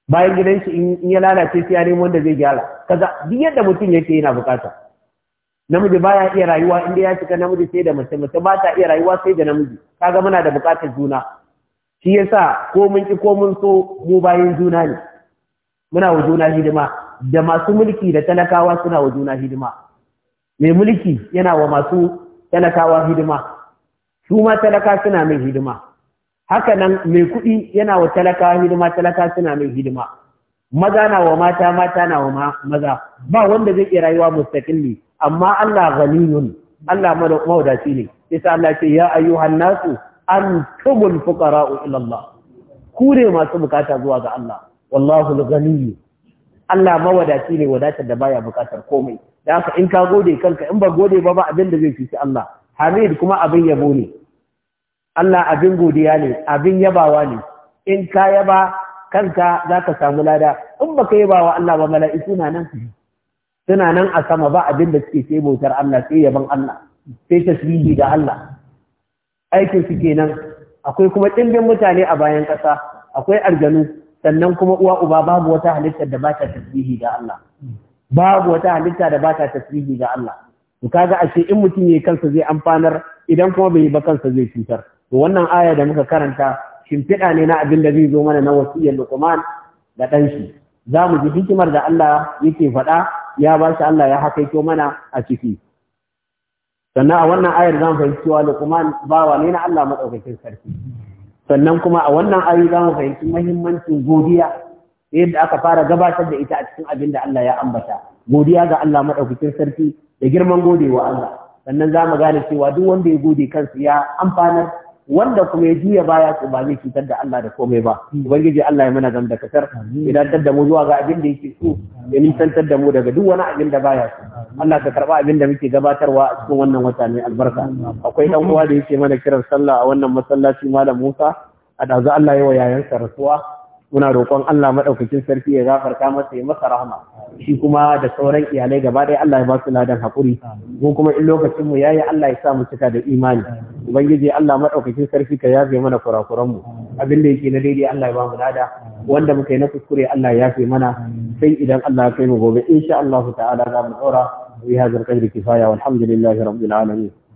bayan gidan shi in ya lalace sai ya nemo wanda zai gyara kaza duk yadda mutum yake yana bukata namiji baya iya rayuwa inda ya cika namiji sai da mace mace ba ta iya rayuwa sai da namiji kaga muna da bukatar juna shi yasa ko mun ki ko mun so mu bayan juna ne muna wa juna hidima da masu mulki da talakawa suna wa juna hidima mai mulki yana wa masu talakawa hidima su ma talaka suna mai hidima haka nan mai kuɗi yana wa talaka hidima talaka suna mai hidima maza na wa mata mata na wa maza ba wanda zai iya rayuwa mustaqilli amma Allah ghaniyun Allah mawadaci ne yasa Allah ce ya ayyuhan nasu antumul fuqara'u ila Allah ku ne masu bukata zuwa ga Allah wallahu al-ghani Allah mawadaci ne wadatar da baya bukatar komai da haka in ka gode kanka in ba gode ba ba abin da zai fi Allah hamid kuma abin yabo ne Allah abin godiya ne abin yabawa ne in ka yaba kanka za ka samu lada in baka yaba wa Allah ba mala'iku na nan suna nan a sama ba abin da suke sai bautar Allah sai yaban Allah sai tasbihi da Allah aikin su kenan akwai kuma ɗimbin mutane a bayan ƙasa akwai arjanu sannan kuma uwa uba babu wata halitta da ba ta tasiri Allah babu wata halitta da ba ta ga Allah to kaga ashe in mutum kansa zai amfanar idan kuma bai yi ba kansa zai cutar to wannan aya da muka karanta shimfiɗa ne na abin da zai zo mana na wasiyyar Luqman da ɗan shi za mu ji hikimar da Allah yake faɗa ya ba shi Allah ya hakaito mana a ciki sannan a wannan ayar za mu fahimci cewa Luqman bawa ne na Allah madaukakin sarki sannan kuma a wannan ayi za mu fahimci muhimmancin godiya yadda aka fara gabatar da ita a cikin abin da Allah ya ambata godiya ga Allah madaukakin sarki da girman godewa Allah sannan za mu gane cewa duk wanda ya gode kansa ya amfanar wanda kuma ya ya baya su ba zai cutar da Allah da komai ba hmm. ubangiji Allah ya mana zanda kasar idan tar da mu zuwa ga abin da yake so ya nisantar da mu daga duk wani abin da baya so Allah ka karba abin da muke gabatarwa a cikin wannan wata ne albarka akwai ɗan uwa da yake mana kiran sallah a wannan masallaci malam Musa a dazu Allah ya wa yayansa rasuwa muna roƙon Allah maɗaukacin sarki ya gafarta masa ya masa rahama shi kuma da sauran iyalai gaba ɗaya Allah ya ba su ladan haƙuri. mu kuma in lokacin mu yi Allah ya sa mu cika da imani ubangiji Allah maɗaukacin sarki ka yafe mana kurakuran mu abin da yake na daidai Allah ya ba mu lada wanda muka yi na kuskure Allah ya yafe mana sai idan Allah ya kai mu gobe insha Allah ta'ala za mu daura bi hadha qadri kifaya walhamdulillahi rabbil alamin